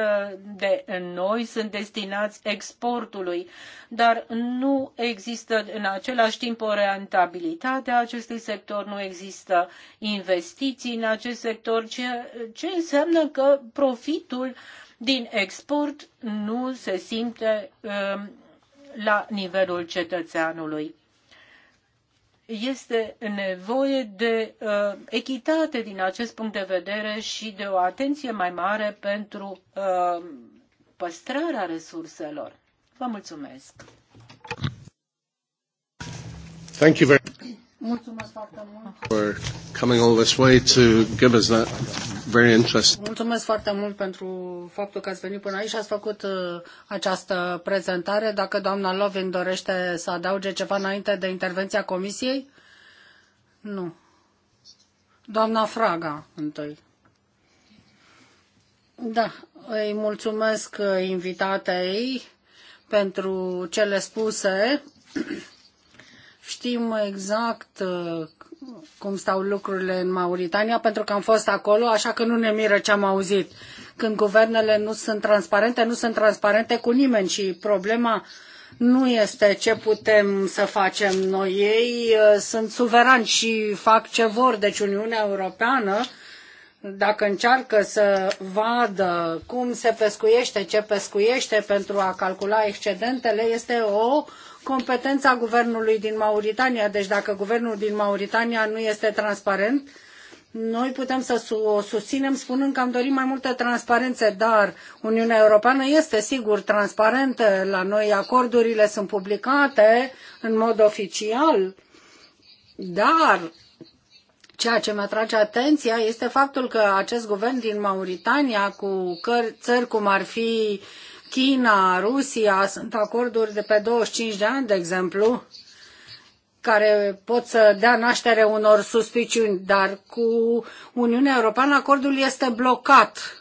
de noi sunt destinați exportului, dar nu există în același timp o rentabilitate a acestui sector, nu există investiții în acest sector, ceea ce înseamnă că profitul din export nu se simte uh, la nivelul cetățeanului este nevoie de uh, echitate din acest punct de vedere și de o atenție mai mare pentru uh, păstrarea resurselor. Vă mulțumesc! Thank you very Mulțumesc foarte mult. For coming all this way to give us that very interesting. foarte mult pentru faptul că ați venit până aici și ați făcut uh, această prezentare. Dacă doamna Lovin dorește să adauge ceva înainte de intervenția comisiei? Nu. Doamna Fraga, întâi. Da, îi mulțumesc uh, invitatei pentru cele spuse. Știm exact uh, cum stau lucrurile în Mauritania, pentru că am fost acolo, așa că nu ne miră ce am auzit. Când guvernele nu sunt transparente, nu sunt transparente cu nimeni și problema nu este ce putem să facem noi. Ei uh, sunt suverani și fac ce vor, deci Uniunea Europeană dacă încearcă să vadă cum se pescuiește, ce pescuiește pentru a calcula excedentele, este o competența guvernului din Mauritania. Deci dacă guvernul din Mauritania nu este transparent, noi putem să o susținem spunând că am dorit mai multă transparență, dar Uniunea Europeană este sigur transparentă. La noi acordurile sunt publicate în mod oficial, dar Ceea ce mi atrage atenția este faptul că acest guvern din Mauritania, cu țări cum ar fi China, Rusia, sunt acorduri de pe 25 de ani, de exemplu, care pot să dea naștere unor suspiciuni, dar cu Uniunea Europeană acordul este blocat.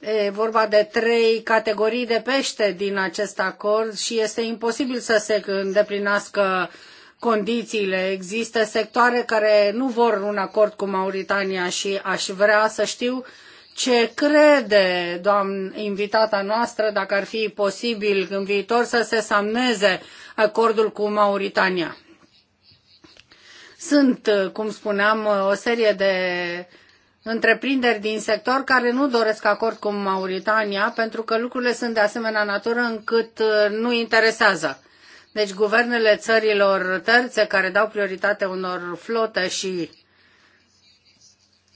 E vorba de trei categorii de pește din acest acord și este imposibil să se îndeplinească condițiile. Există sectoare care nu vor un acord cu Mauritania și aș vrea să știu uh, ce crede, doamnă invitata noastră, dacă ar fi posibil în viitor să se semneze acordul cu Mauritania. Sunt, cum spuneam, o serie de întreprinderi din sector care nu doresc acord cu Mauritania pentru că lucrurile sunt de asemenea natură încât uh, nu interesează. Deci guvernele țărilor terțe care dau prioritate unor flote și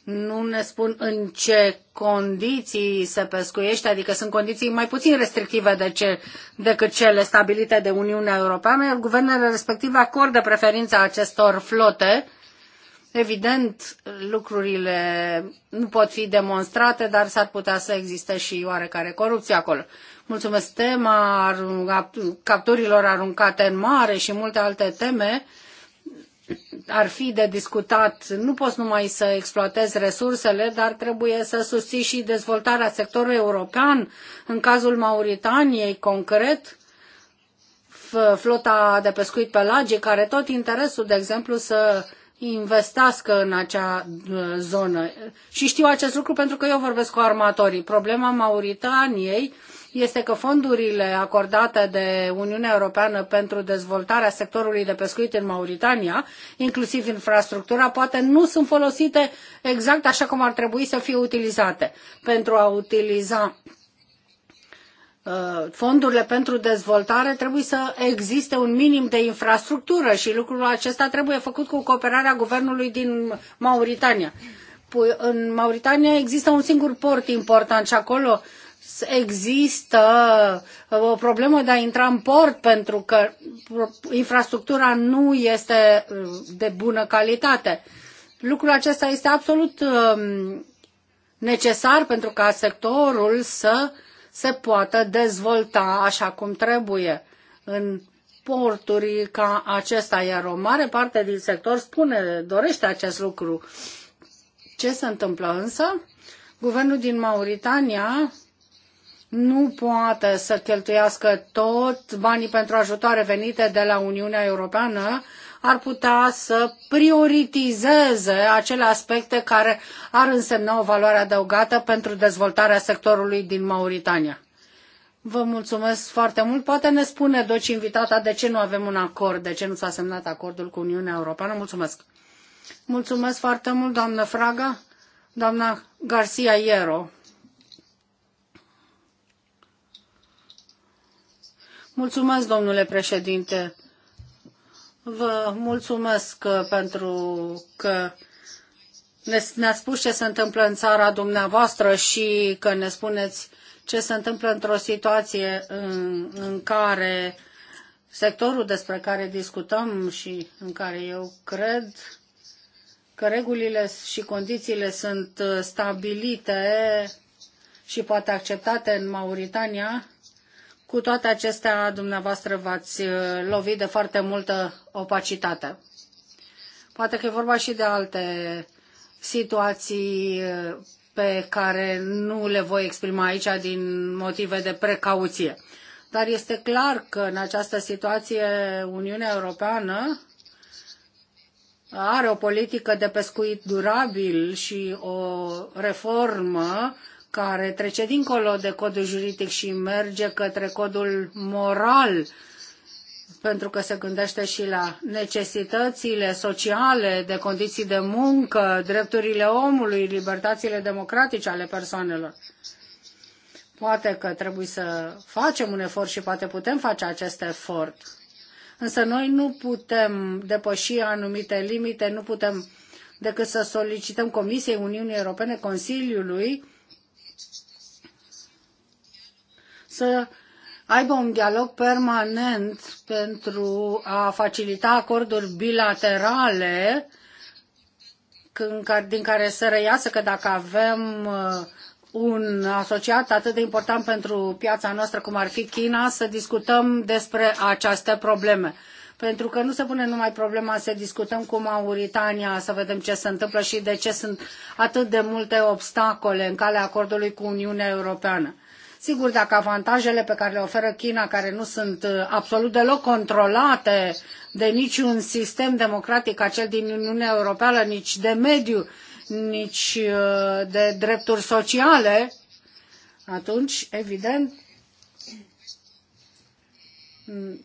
nu ne spun în ce condiții se pescuiește, adică sunt condiții mai puțin restrictive de ce, decât cele stabilite de Uniunea Europeană, iar guvernele respective acordă preferința acestor flote. Evident, lucrurile nu pot fi demonstrate, dar s-ar putea să existe și oarecare corupție acolo. Mulțumesc tema capturilor aruncate în mare și multe alte teme ar fi de discutat, nu poți numai să exploatezi resursele, dar trebuie să susții și dezvoltarea sectorului european. În cazul Mauritaniei, concret, flota de pescuit pelagic care tot interesul, de exemplu, să investească în acea uh, zonă. Și știu acest lucru pentru că eu vorbesc cu armatorii. Problema Mauritaniei este că fondurile acordate de Uniunea Europeană pentru dezvoltarea sectorului de pescuit în Mauritania, inclusiv infrastructura, poate nu sunt folosite exact așa cum ar trebui să fie utilizate. Pentru a utiliza uh, fondurile pentru dezvoltare trebuie să existe un minim de infrastructură și lucrul acesta trebuie făcut cu cooperarea guvernului din Mauritania. În Mauritania există un singur port important și acolo există uh, o problemă de a intra în port pentru că infrastructura nu este uh, de bună calitate. Lucrul acesta este absolut um, necesar pentru ca sectorul să se poată dezvolta așa cum trebuie în porturi ca acesta, iar o mare parte din sector spune, dorește acest lucru. Ce se întâmplă însă? Guvernul din Mauritania nu poate să cheltuiască tot banii pentru ajutoare venite de la Uniunea Europeană, ar putea să prioritizeze acele aspecte care ar însemna o valoare adăugată pentru dezvoltarea sectorului din Mauritania. Vă mulțumesc foarte mult. Poate ne spune, doci invitata, de ce nu avem un acord, de ce nu s-a semnat acordul cu Uniunea Europeană. Mulțumesc. Mulțumesc foarte mult, doamnă Fraga, doamna Garcia Iero. Mulțumesc, domnule președinte. Vă mulțumesc pentru că ne-ați spus ce se întâmplă în țara dumneavoastră și că ne spuneți ce se întâmplă într-o situație în, în care sectorul despre care discutăm și în care eu cred că regulile și condițiile sunt stabilite și poate acceptate în Mauritania, cu toate acestea, dumneavoastră v-ați uh, lovit de foarte multă opacitate. Poate că e vorba și de alte situații uh, pe care nu le voi exprima aici din motive de precauție. Dar este clar că în această situație Uniunea Europeană are o politică de pescuit durabil și o reformă care trece dincolo de codul juridic și merge către codul moral, pentru că se gândește și la necesitățile sociale, de condiții de muncă, drepturile omului, libertățile democratice ale persoanelor. Poate că trebuie să facem un efort și poate putem face acest efort. Însă noi nu putem depăși anumite limite, nu putem decât să solicităm Comisiei Uniunii Europene, Consiliului, să aibă un dialog permanent pentru a facilita acorduri bilaterale din care să reiasă că dacă avem uh, un asociat atât de important pentru piața noastră cum ar fi China, să discutăm despre aceste probleme. Pentru că nu se pune numai problema să discutăm cu Mauritania, să vedem ce se întâmplă și de ce sunt atât de multe obstacole în calea acordului cu Uniunea Europeană Sigur, dacă avantajele pe care le oferă China, care nu sunt uh, absolut deloc controlate de niciun sistem democratic, acel din Uniunea Europeană, nici de mediu, nici uh, de drepturi sociale, atunci, evident, mm,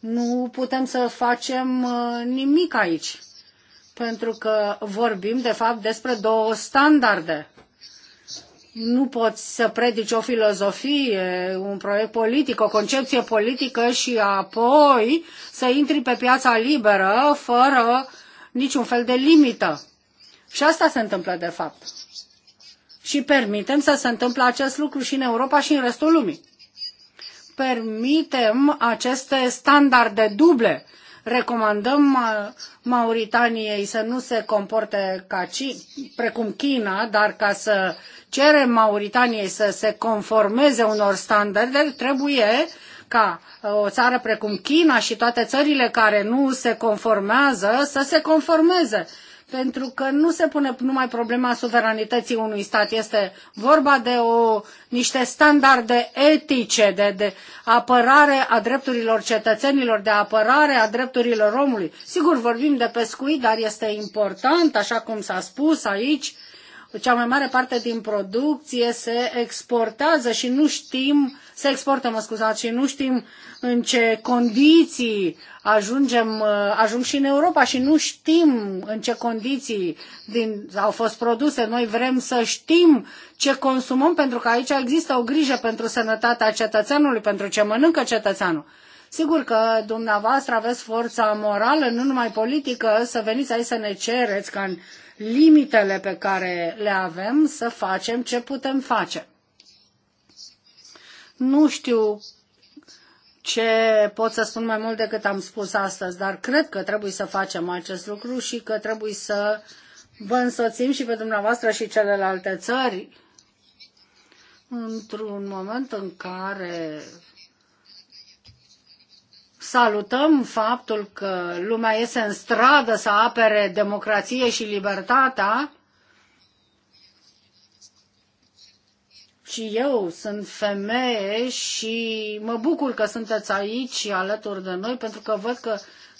nu putem să facem uh, nimic aici, pentru că vorbim, de fapt, despre două standarde nu poți să predici o filozofie, un proiect politic, o concepție politică și apoi să intri pe piața liberă fără niciun fel de limită. Și asta se întâmplă de fapt. Și permitem să se întâmple acest lucru și în Europa și în restul lumii. Permitem aceste standarde duble Recomandăm uh, Mauritaniei să nu se comporte ca ci, precum China, dar ca să cerem Mauritaniei să se conformeze unor standarde, trebuie ca uh, o țară precum China și toate țările care nu se conformează să se conformeze pentru că nu se pune numai problema suveranității unui stat, este vorba de o, niște standarde etice, de, de apărare a drepturilor cetățenilor, de apărare a drepturilor omului. Sigur, vorbim de pescuit, dar este important, așa cum s-a spus aici, cea mai mare parte din producție se exportează și nu știm, se exportă, mă scuzați, și nu știm în ce condiții ajungem, uh, ajung și în Europa și nu știm în ce condiții din, au fost produse. Noi vrem să știm ce consumăm pentru că aici există o grijă pentru sănătatea cetățeanului, pentru ce mănâncă cetățeanul. Sigur că dumneavoastră aveți forța morală, nu numai politică, să veniți aici să ne cereți ca în limitele pe care le avem să facem ce putem face. Nu știu ce pot să spun mai mult decât am spus astăzi, dar cred că trebuie să facem acest lucru și că trebuie să vă însoțim și pe dumneavoastră și celelalte țări într-un moment în care Salutăm faptul că lumea iese în stradă să apere democrație și libertatea. Și eu sunt femeie și mă bucur că sunteți aici alături de noi pentru că văd că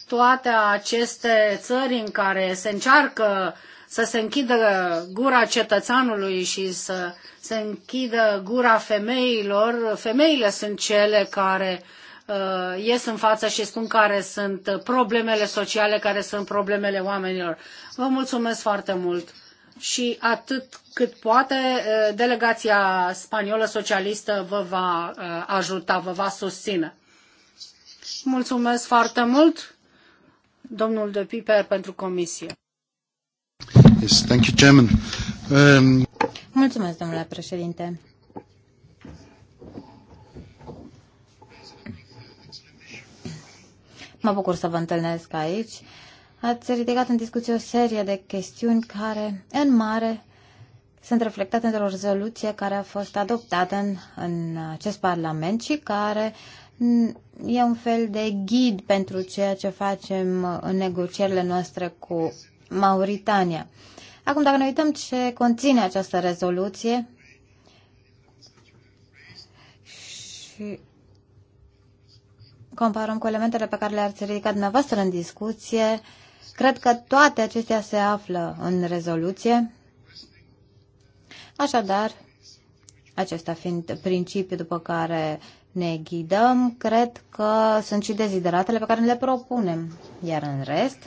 toate aceste țări în care se încearcă să se închidă gura cetățeanului și să se închidă gura femeilor, femeile sunt cele care uh, Uh, ies în față și spun care sunt problemele sociale, care sunt problemele oamenilor. Vă mulțumesc foarte mult și atât cât poate, uh, delegația spaniolă socialistă vă va uh, ajuta, vă va susține. Mulțumesc foarte mult, domnul de Piper, pentru comisie. Yes, thank you, Chairman. Um... Mulțumesc, domnule președinte. Mă bucur să vă întâlnesc aici. Ați ridicat în discuție o serie de chestiuni care, în mare, sunt reflectate într-o rezoluție care a fost adoptată în, în acest Parlament și care mm, e un fel de ghid pentru ceea ce facem în negocierile noastre cu Mauritania. Acum, dacă ne uităm ce conține această rezoluție și comparăm cu elementele pe care le-ați ridicat dumneavoastră în discuție, cred că toate acestea se află în rezoluție. Așadar, acesta fiind principiul după care ne ghidăm, cred că sunt și dezideratele pe care le propunem. Iar în rest,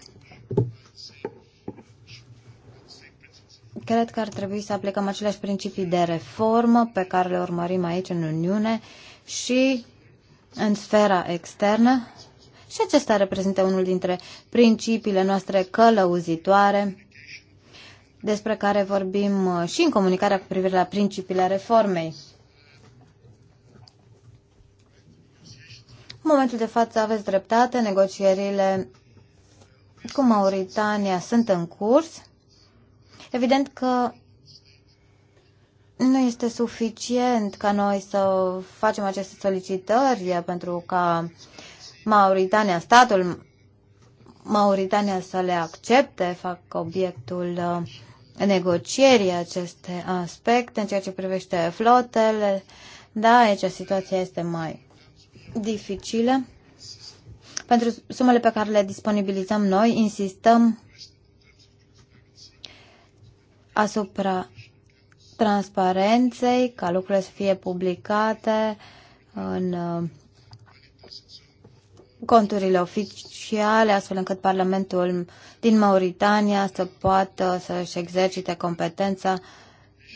cred că ar trebui să aplicăm aceleași principii de reformă pe care le urmărim aici în Uniune și în sfera externă și acesta reprezintă unul dintre principiile noastre călăuzitoare despre care vorbim uh, și în comunicarea cu privire la principiile reformei. În momentul de față aveți dreptate, negocierile cu Mauritania sunt în curs. Evident că nu este suficient ca noi să facem aceste solicitări pentru ca Mauritania, statul Mauritania să le accepte, fac obiectul uh, negocierii aceste aspecte în ceea ce privește flotele. Da, aici situația este mai dificilă. Pentru sumele pe care le disponibilizăm noi, insistăm asupra transparenței, ca lucrurile să fie publicate în uh, conturile oficiale, astfel încât Parlamentul din Mauritania să poată să-și exercite competența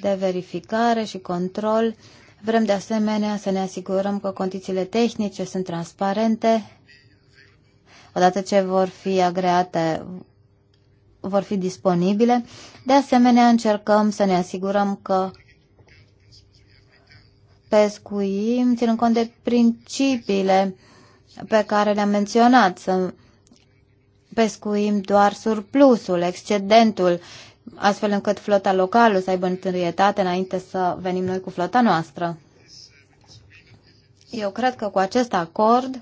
de verificare și control. Vrem de asemenea să ne asigurăm că condițiile tehnice sunt transparente odată ce vor fi agreate vor fi disponibile. De asemenea, încercăm să ne asigurăm că pescuim, ținând cont de principiile pe care le-am menționat, să pescuim doar surplusul, excedentul, astfel încât flota locală să aibă întâlnietate înainte să venim noi cu flota noastră. Eu cred că cu acest acord,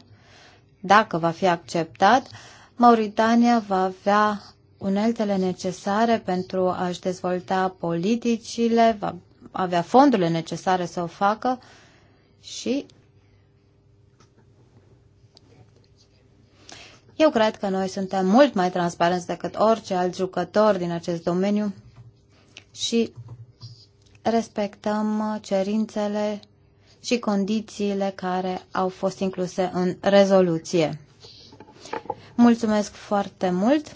dacă va fi acceptat, Mauritania va avea uneltele necesare pentru a-și dezvolta politicile, va avea fondurile necesare să o facă și eu cred că noi suntem mult mai transparenți decât orice alt jucător din acest domeniu și respectăm cerințele și condițiile care au fost incluse în rezoluție. Mulțumesc foarte mult!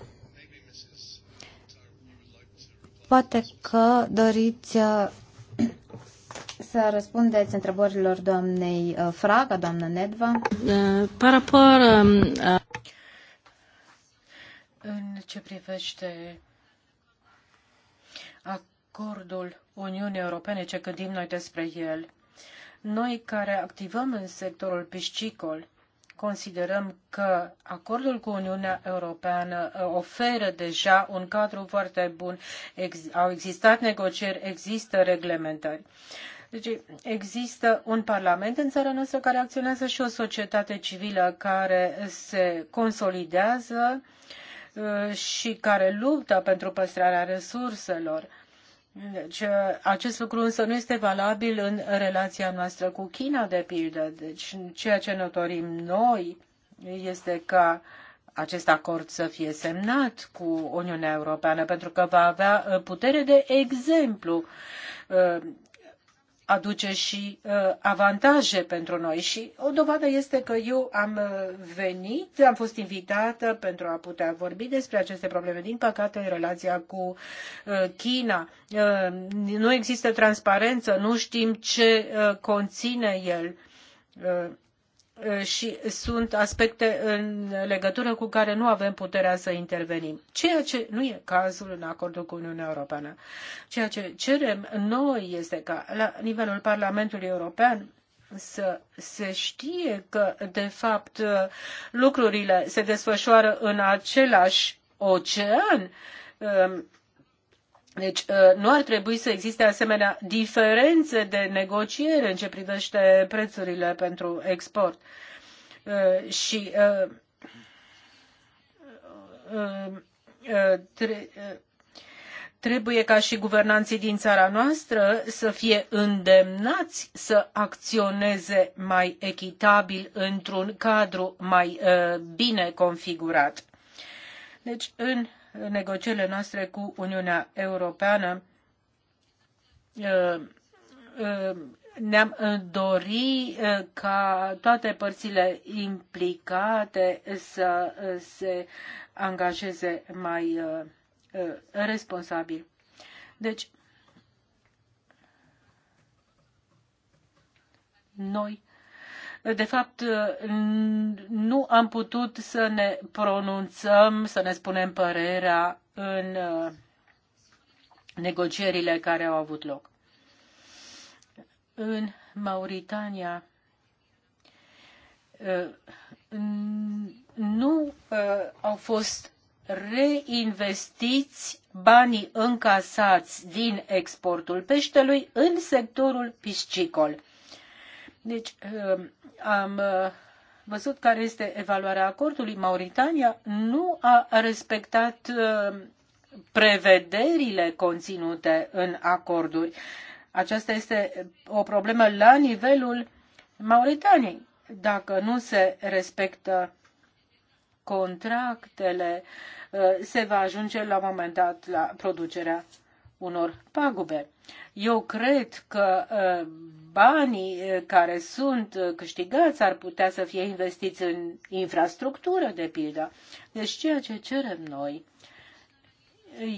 Poate că doriți uh, (clears throat) să răspundeți întrebărilor doamnei uh, Fraga, doamna Nedva. Uh, Parapor... Um, în ce privește acordul Uniunii Europene, ce gândim noi despre el, noi care activăm în sectorul piscicol, considerăm că acordul cu Uniunea Europeană uh, oferă deja un cadru foarte bun. Ex au existat negocieri, există reglementări. Deci există un parlament în țara noastră care acționează și o societate civilă care se consolidează uh, și care luptă pentru păstrarea resurselor. Deci, uh, acest lucru însă nu este valabil în relația noastră cu China, de pildă. Deci, ceea ce ne dorim noi este ca acest acord să fie semnat cu Uniunea Europeană, pentru că va avea uh, putere de exemplu uh, aduce și uh, avantaje pentru noi și o dovadă este că eu am uh, venit, am fost invitată pentru a putea vorbi despre aceste probleme. Din păcate, în relația cu uh, China uh, nu există transparență, nu știm ce uh, conține el. Uh, Uh, și sunt aspecte în legătură cu care nu avem puterea să intervenim, ceea ce nu e cazul în acordul cu Uniunea Europeană. Ceea ce cerem noi este ca la nivelul Parlamentului European să se știe că, de fapt, uh, lucrurile se desfășoară în același ocean um, deci uh, nu ar trebui să existe asemenea diferențe de negociere în ce privește prețurile pentru export. Uh, și uh, trebuie ca și guvernanții din țara noastră să fie îndemnați să acționeze mai echitabil într-un cadru mai bine configurat. Deci, în negocierile noastre cu Uniunea Europeană uh, uh, ne-am uh, dori ca toate părțile implicate să se angajeze mai responsabil. Deci, noi de fapt, nu am putut să ne pronunțăm, să ne spunem părerea în uh, negocierile care au avut loc. În Mauritania uh, nu uh, au fost reinvestiți banii încasați din exportul peștelui în sectorul piscicol. Deci ehm, am eh, văzut care este evaluarea acordului. Mauritania nu a respectat ehm, prevederile conținute în acorduri. Aceasta este o problemă la nivelul Mauritaniei. Dacă nu se respectă contractele, eh, se va ajunge la un moment dat la producerea unor pagube. Eu cred că uh, banii uh, care sunt uh, câștigați ar putea să fie investiți în infrastructură, de pildă. Deci ceea ce cerem noi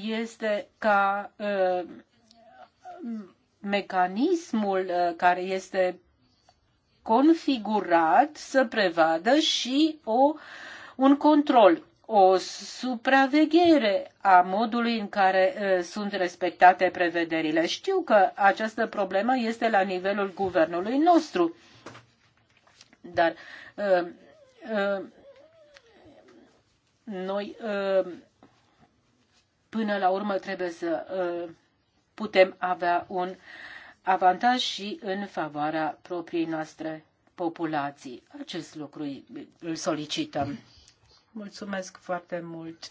este ca mecanismul care este configurat să prevadă și o, un control o supraveghere a modului în care sunt respectate prevederile. Știu că această problemă este la nivelul guvernului nostru, dar noi până la urmă trebuie să putem avea un avantaj și în favoarea propriei noastre populații. Acest lucru îl solicităm. Mulțumesc foarte mult.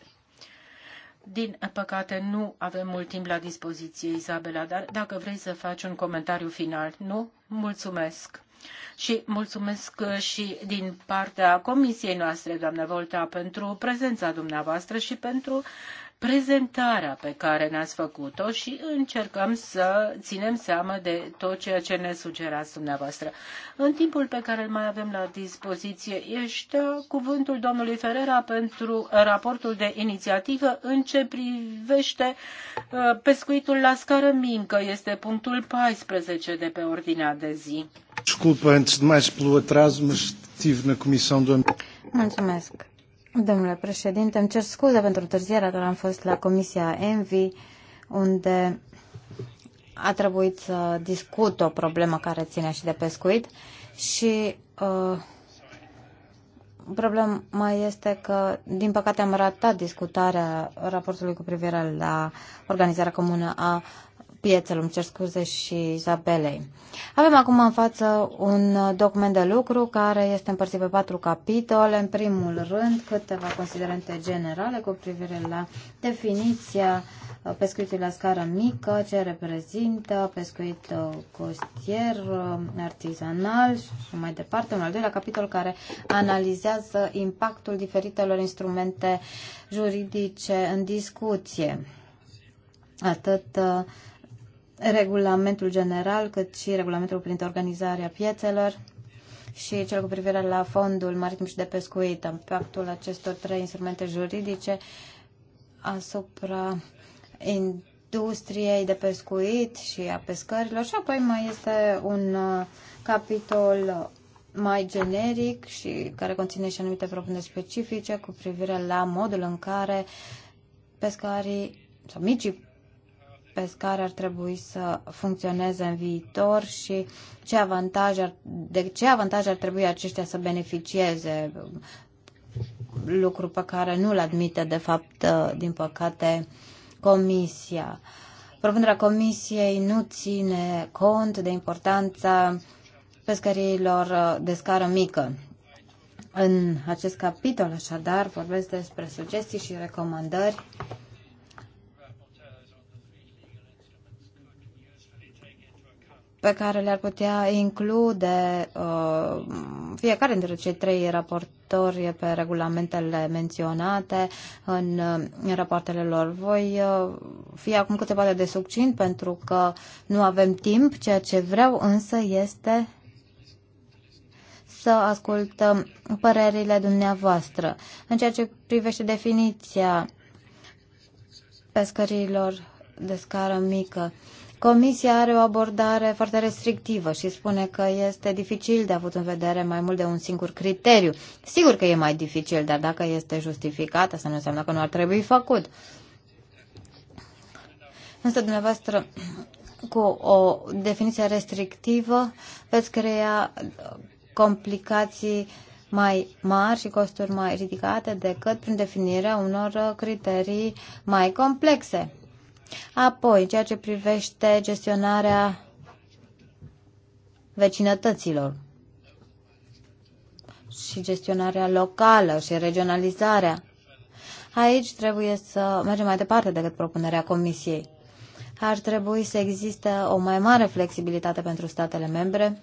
Din păcate nu avem mult timp la dispoziție, Isabela. dar dacă vrei să faci un comentariu final, nu? Mulțumesc. Și mulțumesc uh, și din partea comisiei noastre, doamnă Volta, pentru prezența dumneavoastră și pentru uh, prezentarea pe care ne-ați făcut-o și încercăm să ținem seama de tot ceea ce ne sugerați dumneavoastră. În timpul pe care îl mai avem la dispoziție, ești uh, cuvântul domnului Ferrera pentru raportul de inițiativă în ce privește uh, pescuitul la scară mincă. Este punctul 14 de pe ordinea de zi. Desculpa, antes de mais pelo atraso, mas estive na comissão do... Mulțumesc. Domnule președinte, îmi cer scuze pentru întârzierea, dar am fost la Comisia Envi, unde a trebuit să discut o problemă care ține și de pescuit și uh, problema este că, din păcate, am ratat discutarea raportului cu privire la organizarea comună a piețelor, îmi cer scuze, și Izabelei. Avem acum în față un document de lucru care este împărțit pe patru capitole. În primul rând, câteva considerente generale cu privire la definiția uh, pescuitului la scară mică, ce reprezintă pescuit uh, costier, uh, artizanal și mai departe. Un al doilea capitol care analizează impactul diferitelor instrumente juridice în discuție atât regulamentul general, cât și regulamentul privind organizarea piețelor și cel cu privire la fondul maritim și de pescuit, impactul acestor trei instrumente juridice asupra industriei de pescuit și a pescărilor și apoi mai este un uh, capitol mai generic și care conține și anumite propuneri specifice cu privire la modul în care pescarii sau micii pescare ar trebui să funcționeze în viitor și ce avantaje ar, de ce avantaje ar trebui aceștia să beneficieze, lucru pe care nu-l admite, de fapt, uh, din păcate, Comisia. Propunerea Comisiei nu ține cont de importanța pescăriilor uh, de scară mică. În acest capitol, așadar, vorbesc despre sugestii și recomandări pe care le-ar putea include uh, fiecare dintre cei trei raportori pe regulamentele menționate în, în uh, rapoartele lor. Voi uh, fi acum câteva de succint pentru că nu avem timp. Ceea ce vreau însă este să ascultăm părerile dumneavoastră. În ceea ce privește definiția pescărilor de scară mică, Comisia are o abordare foarte restrictivă și spune că este dificil de avut în vedere mai mult de un singur criteriu. Sigur că e mai dificil, dar dacă este justificat, asta nu înseamnă că nu ar trebui făcut. Însă dumneavoastră cu o definiție restrictivă veți crea complicații mai mari și costuri mai ridicate decât prin definirea unor criterii mai complexe. Apoi, ceea ce privește gestionarea vecinătăților și gestionarea locală și regionalizarea. Aici trebuie să mergem mai departe decât propunerea Comisiei. Ar trebui să existe o mai mare flexibilitate pentru statele membre.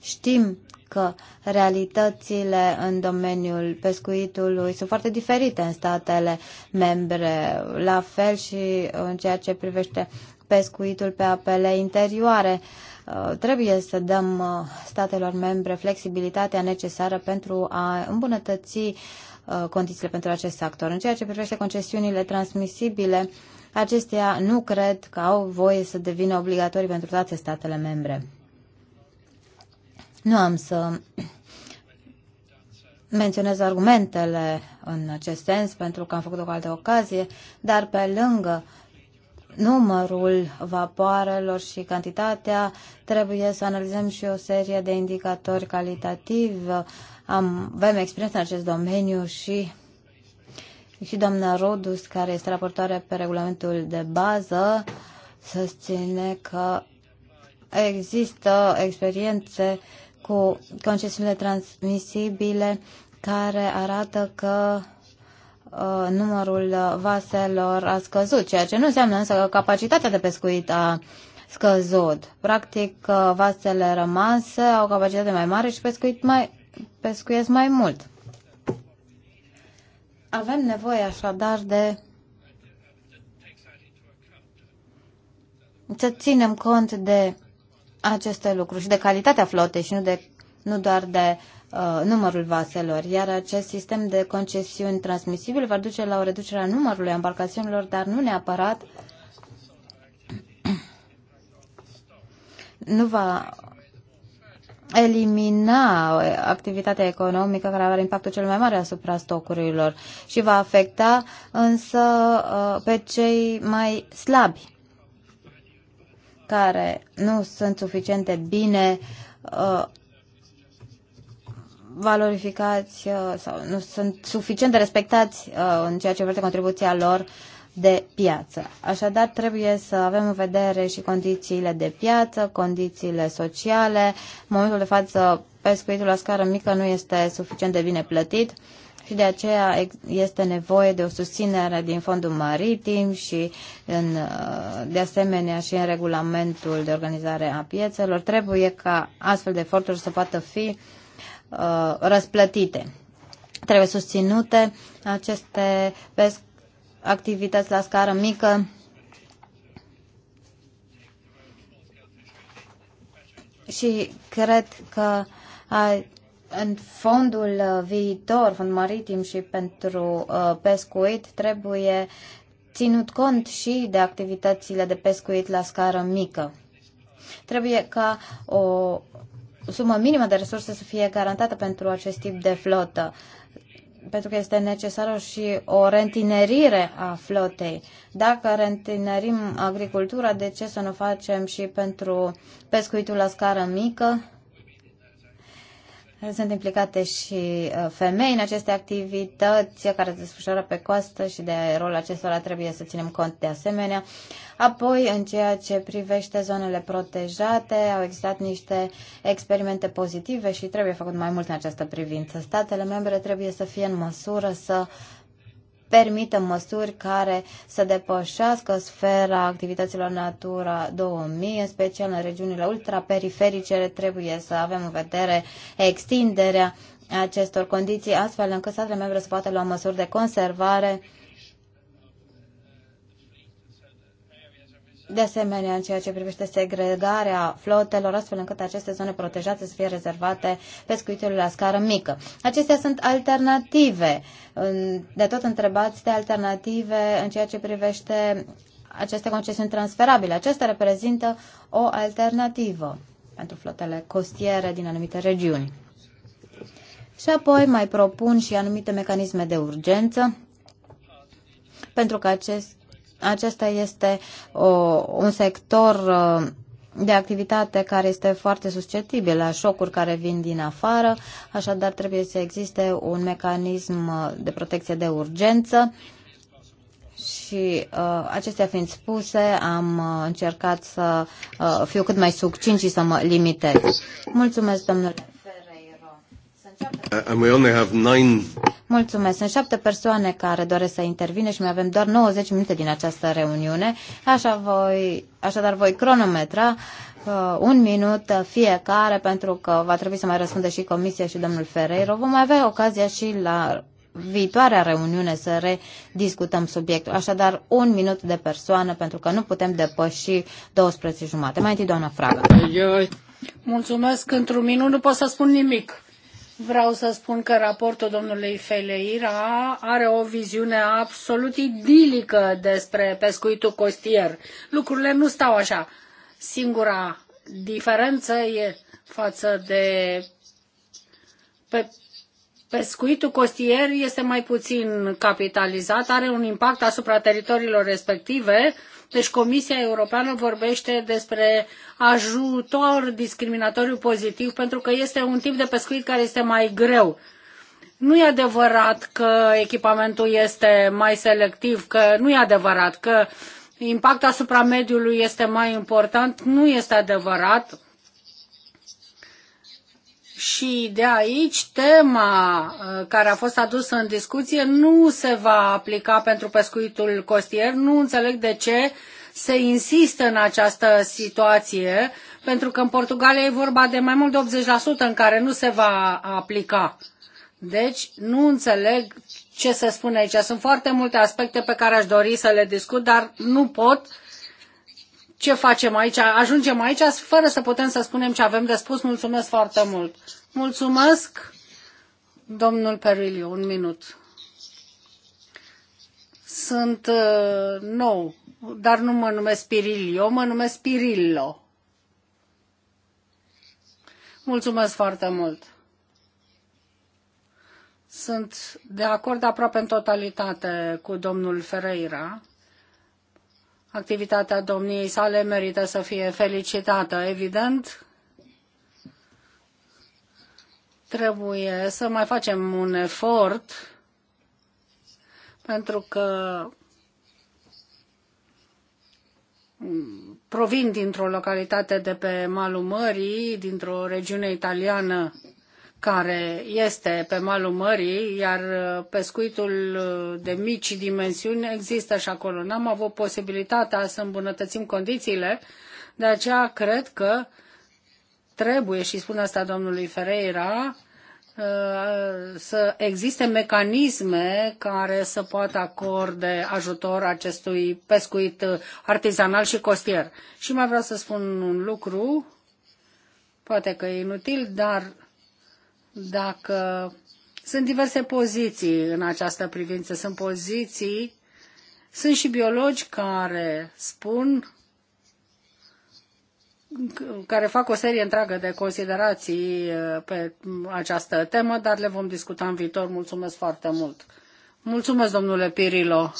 Știm că realitățile în domeniul pescuitului sunt foarte diferite în statele membre, la fel și în ceea ce privește pescuitul pe apele interioare. Uh, trebuie să dăm uh, statelor membre flexibilitatea necesară pentru a îmbunătăți uh, condițiile pentru acest sector. În ceea ce privește concesiunile transmisibile, acestea nu cred că au voie să devină obligatorii pentru toate statele membre. Nu am să menționez argumentele în acest sens, pentru că am făcut-o cu altă ocazie, dar pe lângă numărul vapoarelor și cantitatea, trebuie să analizăm și o serie de indicatori calitativi. Am, avem experiență în acest domeniu și și doamna Rodus, care este raportoare pe regulamentul de bază, ține că există experiențe uh, cu concesiunile transmisibile care arată că uh, numărul vaselor a scăzut, ceea ce nu înseamnă însă că capacitatea de pescuit a scăzut. Practic, uh, vasele rămase au capacitate mai mare și pescuit mai, pescuiesc mai mult. Avem nevoie așadar de să ținem cont de aceste lucruri și de calitatea flotei și nu, de, nu doar de uh, numărul vaselor. Iar acest sistem de concesiuni transmisibil va duce la o reducere a numărului embarcațiunilor, dar nu neapărat nu va elimina activitatea economică care are impactul cel mai mare asupra stocurilor și va afecta însă uh, pe cei mai slabi care nu sunt suficient de bine uh, valorificați uh, sau nu sunt suficient de respectați uh, în ceea ce privește contribuția lor de piață. Așadar, trebuie să avem în vedere și condițiile de piață, condițiile sociale. În momentul de față, pescuitul la scară mică nu este suficient de bine plătit. Uh, și de aceea este nevoie de o susținere din fondul maritim și în, uh, de asemenea și în regulamentul de organizare a piețelor. Trebuie ca astfel de eforturi să poată fi uh, răsplătite. Trebuie susținute aceste pesc, activități la scară mică și cred că ai, în fondul uh, viitor, fond maritim și pentru uh, pescuit, trebuie ținut cont și de activitățile de pescuit la scară mică. Trebuie ca o sumă minimă de resurse să fie garantată pentru acest tip de flotă, pentru că este necesară și o rentinerire a flotei. Dacă rentinerim agricultura, de ce să nu facem și pentru pescuitul la scară mică? Sunt implicate și uh, femei în aceste activități care se desfășoară pe coastă și de rolul acestora trebuie să ținem cont de asemenea. Apoi, în ceea ce privește zonele protejate, au existat niște experimente pozitive și trebuie făcut mai mult în această privință. Statele membre trebuie să fie în măsură să uh, permită măsuri care să depășească sfera activităților Natura 2000, în special în regiunile ultraperiferice, trebuie să avem în vedere extinderea acestor condiții, astfel încât statele membre să poată lua măsuri de conservare de asemenea în ceea ce privește segregarea flotelor, astfel încât aceste zone protejate să fie rezervate pescuitului la scară mică. Acestea sunt alternative. De tot întrebați de alternative în ceea ce privește aceste concesiuni transferabile. Acestea reprezintă o alternativă pentru flotele costiere din anumite regiuni. Și apoi mai propun și anumite mecanisme de urgență pentru că acest acesta este o, un sector uh, de activitate care este foarte susceptibil la șocuri care vin din afară, așadar trebuie să existe un mecanism uh, de protecție de urgență. Și uh, acestea fiind spuse, am uh, încercat să uh, fiu cât mai succint și să mă limitez. Mulțumesc, domnule. And we only have nine... Mulțumesc. Sunt șapte persoane care doresc să intervine și mai avem doar 90 minute din această reuniune. Așa voi, așadar voi cronometra uh, un minut fiecare pentru că va trebui să mai răspundă și comisia și domnul Ferreiro. Vom avea ocazia și la viitoarea reuniune să rediscutăm subiectul. Așadar, un minut de persoană, pentru că nu putem depăși 12 jumate. Mai întâi, doamna Fraga. Mulțumesc. Într-un minut nu pot să spun nimic. Vreau să spun că raportul domnului Feleira are o viziune absolut idilică despre pescuitul costier. Lucrurile nu stau așa. Singura diferență e față de pe pescuitul costier este mai puțin capitalizat, are un impact asupra teritoriilor respective, deci Comisia Europeană vorbește despre ajutor discriminatoriu pozitiv pentru că este un tip de pescuit care este mai greu. Nu e adevărat că echipamentul este mai selectiv, că nu e adevărat că impactul asupra mediului este mai important, nu este adevărat și de aici tema uh, care a fost adusă în discuție nu se va aplica pentru pescuitul costier. Nu înțeleg de ce se insistă în această situație, pentru că în Portugalia e vorba de mai mult de 80% în care nu se va aplica. Deci nu înțeleg ce se spune aici. Sunt foarte multe aspecte pe care aș dori să le discut, dar nu pot ce facem aici, ajungem aici fără să putem să spunem ce avem de spus. Mulțumesc foarte mult. Mulțumesc, domnul Periliu, un minut. Sunt uh, nou, dar nu mă numesc Pirilio, mă numesc Pirillo. Mulțumesc foarte mult. Sunt de acord aproape în totalitate cu domnul Ferreira. Activitatea domniei sale merită să fie felicitată, evident. Trebuie să mai facem un efort pentru că provin dintr-o localitate de pe malul mării, dintr-o regiune italiană care este pe malul mării, iar uh, pescuitul uh, de mici dimensiuni există și acolo. N-am avut posibilitatea să îmbunătățim condițiile, de aceea cred că trebuie, și spun asta domnului Ferreira, uh, să existe mecanisme care să poată acorde ajutor acestui pescuit artizanal și costier. Și mai vreau să spun un lucru, poate că e inutil, dar dacă sunt diverse poziții în această privință, sunt poziții, sunt și biologi care spun care fac o serie întreagă de considerații uh, pe această temă, dar le vom discuta în viitor. Mulțumesc foarte mult. Mulțumesc, domnule Pirilo.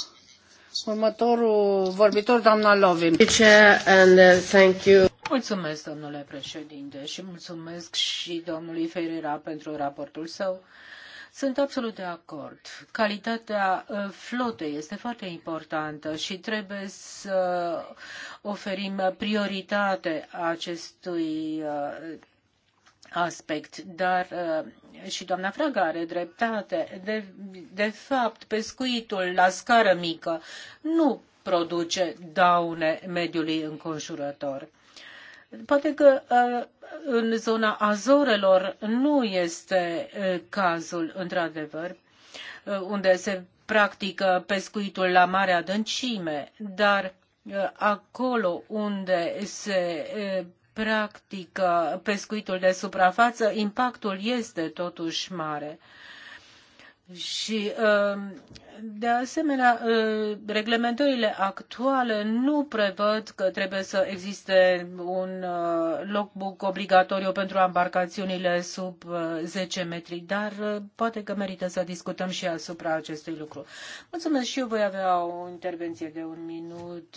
Următorul vorbitor, doamna Lovin. And, uh, thank you. Mulțumesc, domnule președinte, și mulțumesc și domnului Ferreira pentru raportul său. Sunt absolut de acord. Calitatea uh, flotei este foarte importantă și trebuie să oferim prioritate acestui uh, aspect, dar uh, și doamna Fraga are dreptate. De, de fapt, pescuitul la scară mică nu produce daune mediului înconjurător. Poate că ă, în zona Azorelor nu este ă, cazul, într-adevăr, ă, unde se practică pescuitul la mare adâncime, dar acolo unde se practică pescuitul de suprafață, impactul este totuși mare. Și, uh, de asemenea, uh, reglementările actuale nu prevăd că trebuie să existe un uh, logbook obligatoriu pentru embarcațiunile sub 10 metri, dar poate că merită să discutăm și asupra acestui lucru. Mulțumesc și eu voi avea o intervenție de un minut.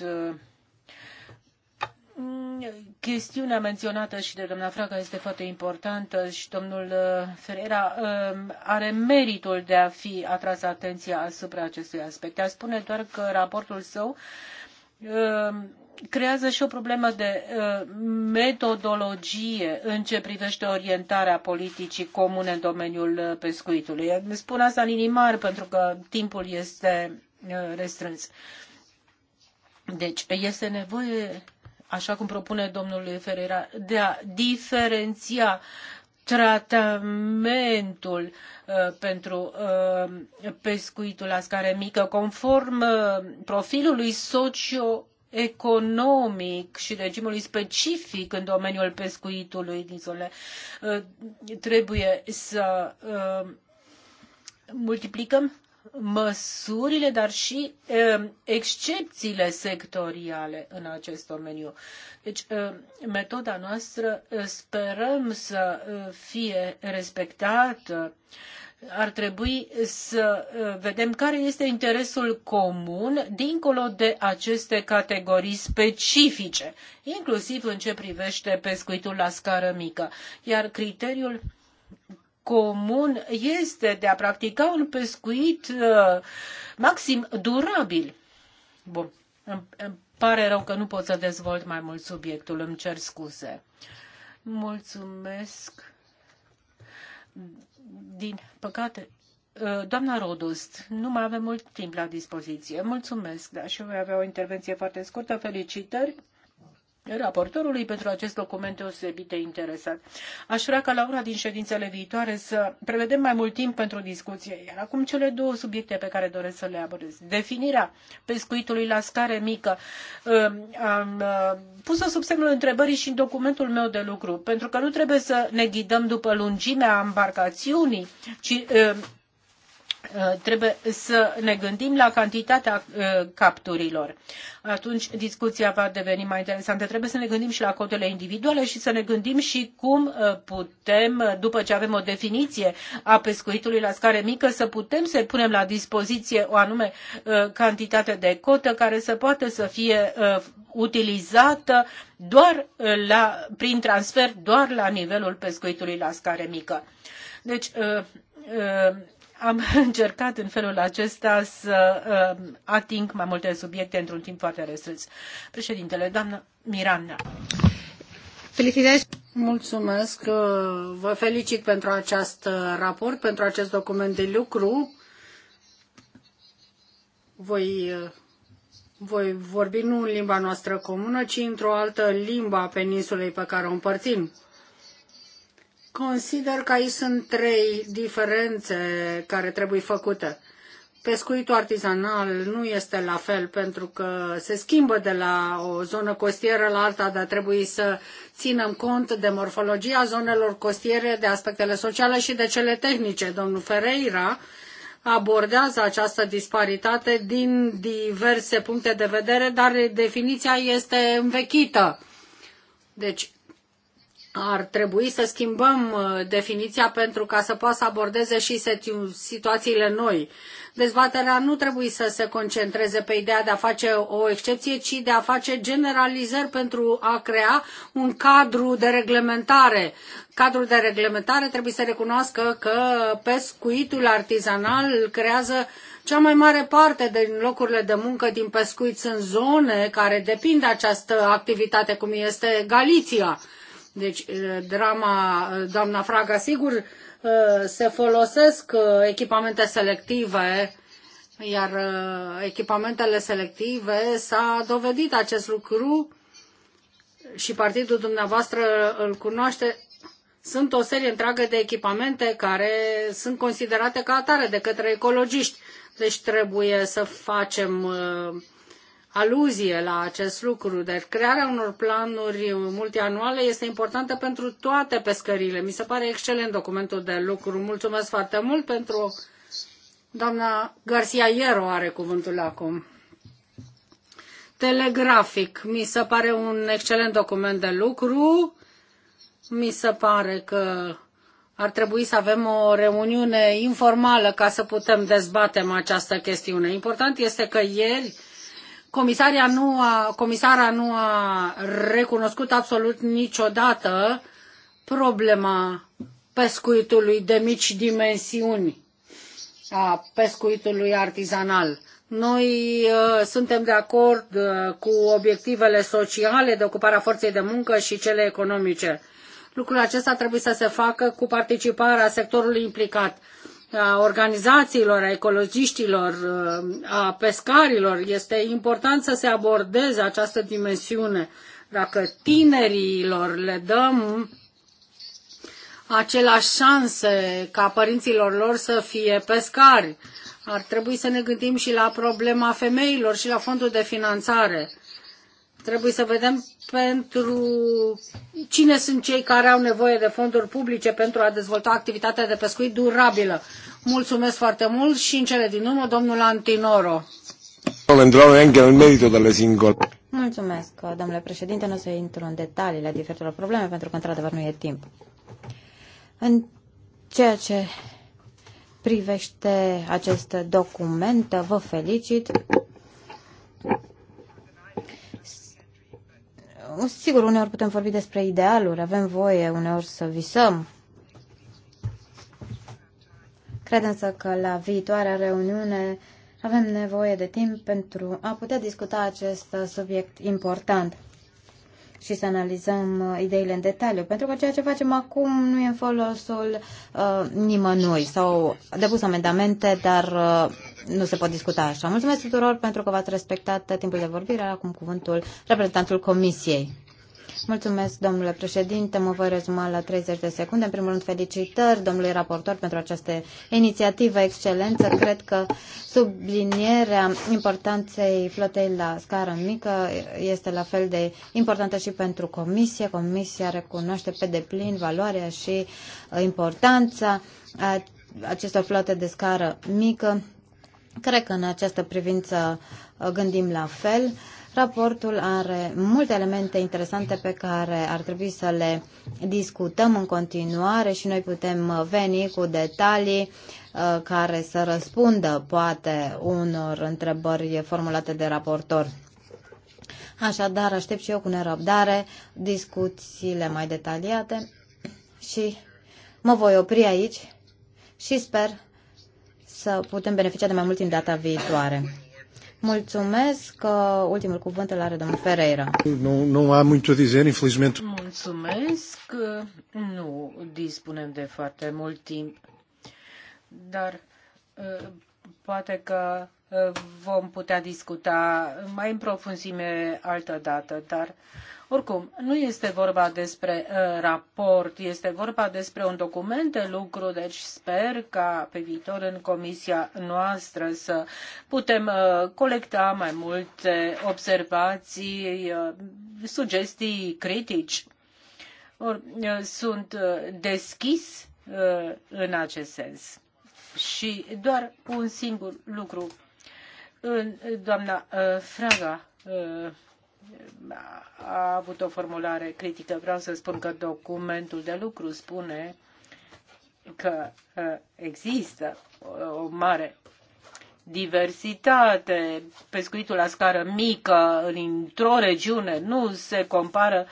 Mm, chestiunea menționată și de doamna Fraga este foarte importantă și domnul uh, Ferreira um, are meritul de a fi atras atenția asupra acestui aspect. Aș spune doar că raportul său um, creează și o problemă de uh, metodologie în ce privește orientarea politicii comune în domeniul uh, pescuitului. Spun asta în inimă pentru că timpul este restrâns. Deci este nevoie așa cum propune domnul Ferreira, de a diferenția tratamentul uh, pentru uh, pescuitul la scară mică conform uh, profilului socio economic și regimului specific în domeniul pescuitului din zone, uh, trebuie să uh, multiplicăm măsurile, dar și excepțiile sectoriale în acest domeniu. Deci, metoda noastră sperăm să fie respectată. Ar trebui să vedem care este interesul comun dincolo de aceste categorii specifice, inclusiv în ce privește pescuitul la scară mică. Iar criteriul comun este de a practica un pescuit uh, maxim durabil. Bun, îmi, îmi pare rău că nu pot să dezvolt mai mult subiectul, îmi cer scuze. Mulțumesc. Din păcate, uh, Doamna Rodust, nu mai avem mult timp la dispoziție. Mulțumesc, da, și voi avea o intervenție foarte scurtă. Felicitări raportorului pentru acest document deosebit de interesant. Aș vrea ca la una din ședințele viitoare să prevedem mai mult timp pentru discuție. Iar acum cele două subiecte pe care doresc să le abordez. Definirea pescuitului la scară mică. Am uh, pus-o sub semnul întrebării și în documentul meu de lucru, pentru că nu trebuie să ne ghidăm după lungimea embarcațiunii, ci uh, Uh, trebuie să ne gândim la cantitatea uh, capturilor. Atunci discuția va deveni mai interesantă. Trebuie să ne gândim și la cotele individuale și să ne gândim și cum uh, putem, după ce avem o definiție a pescuitului la scară mică, să putem să punem la dispoziție o anume cantitate de cotă care să poată să fie utilizată doar la, prin transfer doar la nivelul pescuitului la scară mică. Deci, am (laughs) încercat în felul acesta să um, ating mai multe subiecte într-un timp foarte restrâns. Președintele, doamnă Miranda. Felicitări! Mulțumesc! Uh, vă felicit pentru acest raport, pentru acest document de lucru. Voi, uh, voi vorbi nu în limba noastră comună, ci într-o altă limbă a peninsulei pe care o împărțim Consider că aici sunt trei diferențe care trebuie făcute. Pescuitul artizanal nu este la fel pentru că se schimbă de la o zonă costieră la alta, dar trebuie să ținem cont de morfologia zonelor costiere, de aspectele sociale și de cele tehnice. Domnul Ferreira abordează această disparitate din diverse puncte de vedere, dar definiția este învechită. Deci ar trebui să schimbăm uh, definiția pentru ca să poată să abordeze și situațiile noi. Dezbaterea nu trebuie să se concentreze pe ideea de a face o excepție, ci de a face generalizări pentru a crea un cadru de reglementare. Cadrul de reglementare trebuie să recunoască că pescuitul artizanal creează cea mai mare parte din locurile de muncă din pescuit sunt zone care depind de această activitate, cum este Galiția deci, drama, doamna Fraga, sigur, se folosesc echipamente selective, iar echipamentele selective s-a dovedit acest lucru și partidul dumneavoastră îl cunoaște. Sunt o serie întreagă de echipamente care sunt considerate ca atare de către ecologiști. Deci trebuie să facem uh, aluzie la acest lucru. dar deci, crearea unor planuri multianuale este importantă pentru toate pescările. Mi se pare excelent documentul de lucru. Mulțumesc foarte mult pentru... Doamna Garcia Iero are cuvântul acum. Telegrafic. Mi se pare un excelent document de lucru. Mi se pare că ar trebui să avem o reuniune informală ca să putem dezbatem această chestiune. Important este că ieri Comisaria nu a, comisara nu a recunoscut absolut niciodată problema pescuitului de mici dimensiuni, a pescuitului artizanal. Noi uh, suntem de acord uh, cu obiectivele sociale de ocuparea forței de muncă și cele economice. Lucrul acesta trebuie să se facă cu participarea sectorului implicat a organizațiilor, a ecologiștilor, a pescarilor. Este important să se abordeze această dimensiune. Dacă tinerilor le dăm aceleași șanse ca părinților lor să fie pescari, ar trebui să ne gândim și la problema femeilor și la fondul de finanțare Trebuie să vedem pentru cine sunt cei care au nevoie de fonduri publice pentru a dezvolta activitatea de pescuit durabilă. Mulțumesc foarte mult și în cele din urmă, domnul Antinoro. Mulțumesc, domnule președinte. Nu o să intru în detaliile diferitelor probleme, pentru că, într-adevăr, nu e timp. În ceea ce privește acest document, vă felicit Sigur, uneori putem vorbi despre idealuri, avem voie uneori să visăm. Cred însă că la viitoarea reuniune avem nevoie de timp pentru a putea discuta acest subiect important și să analizăm uh, ideile în detaliu, pentru că ceea ce facem acum nu e în folosul uh, nimănui. S-au depus amendamente, dar uh, nu se pot discuta așa. Mulțumesc tuturor pentru că v-ați respectat timpul de vorbire. Acum cuvântul reprezentantul Comisiei. Mulțumesc, domnule președinte. Mă voi rezuma la 30 de secunde. În primul rând, felicitări domnului raportor pentru această inițiativă excelență. Cred că sublinierea importanței flotei la scară mică este la fel de importantă și pentru Comisie. Comisia recunoaște pe deplin valoarea și importanța acestor flote de scară mică. Cred că în această privință gândim la fel. Raportul are multe elemente interesante pe care ar trebui să le discutăm în continuare și noi putem uh, veni cu detalii uh, care să răspundă poate unor întrebări formulate de raportor. Așadar, aștept și eu cu nerăbdare discuțiile mai detaliate și mă voi opri aici și sper să putem beneficia de mai mult timp data viitoare. Mulțumesc. că uh, Ultimul cuvânt îl are domnul Ferreira. Nu, nu am mult a dizer, infelizmente. Mulțumesc. Uh, nu dispunem de foarte mult timp, dar uh, poate că vom putea discuta mai în profunzime altă dată, dar oricum, nu este vorba despre uh, raport, este vorba despre un document de lucru, deci sper ca pe viitor în comisia noastră să putem uh, colecta mai multe observații, uh, sugestii, critici. Or, uh, sunt uh, deschis uh, în acest sens. Și doar un singur lucru. Doamna Fraga a avut o formulare critică. Vreau să spun că documentul de lucru spune că uh, există o mare diversitate. Pescuitul la scară mică într-o regiune nu se compară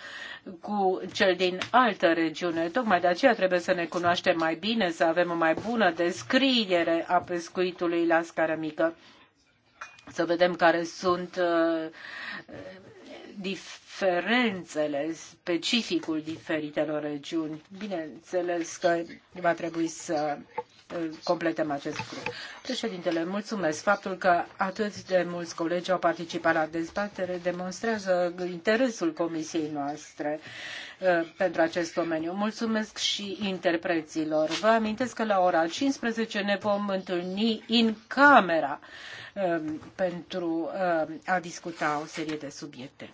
cu cel din altă regiune. Tocmai de aceea trebuie să ne cunoaștem mai bine, să avem o mai bună descriere a pescuitului la scară mică, să vedem care sunt uh, diferențele, specificul diferitelor regiuni. Bineînțeles că va trebui să completăm acest lucru. Președintele, mulțumesc. Faptul că atât de mulți colegi au participat la dezbatere demonstrează interesul comisiei noastre uh, pentru acest domeniu. Mulțumesc și interpreților. Vă amintesc că la ora 15 ne vom întâlni în camera uh, pentru uh, a discuta o serie de subiecte.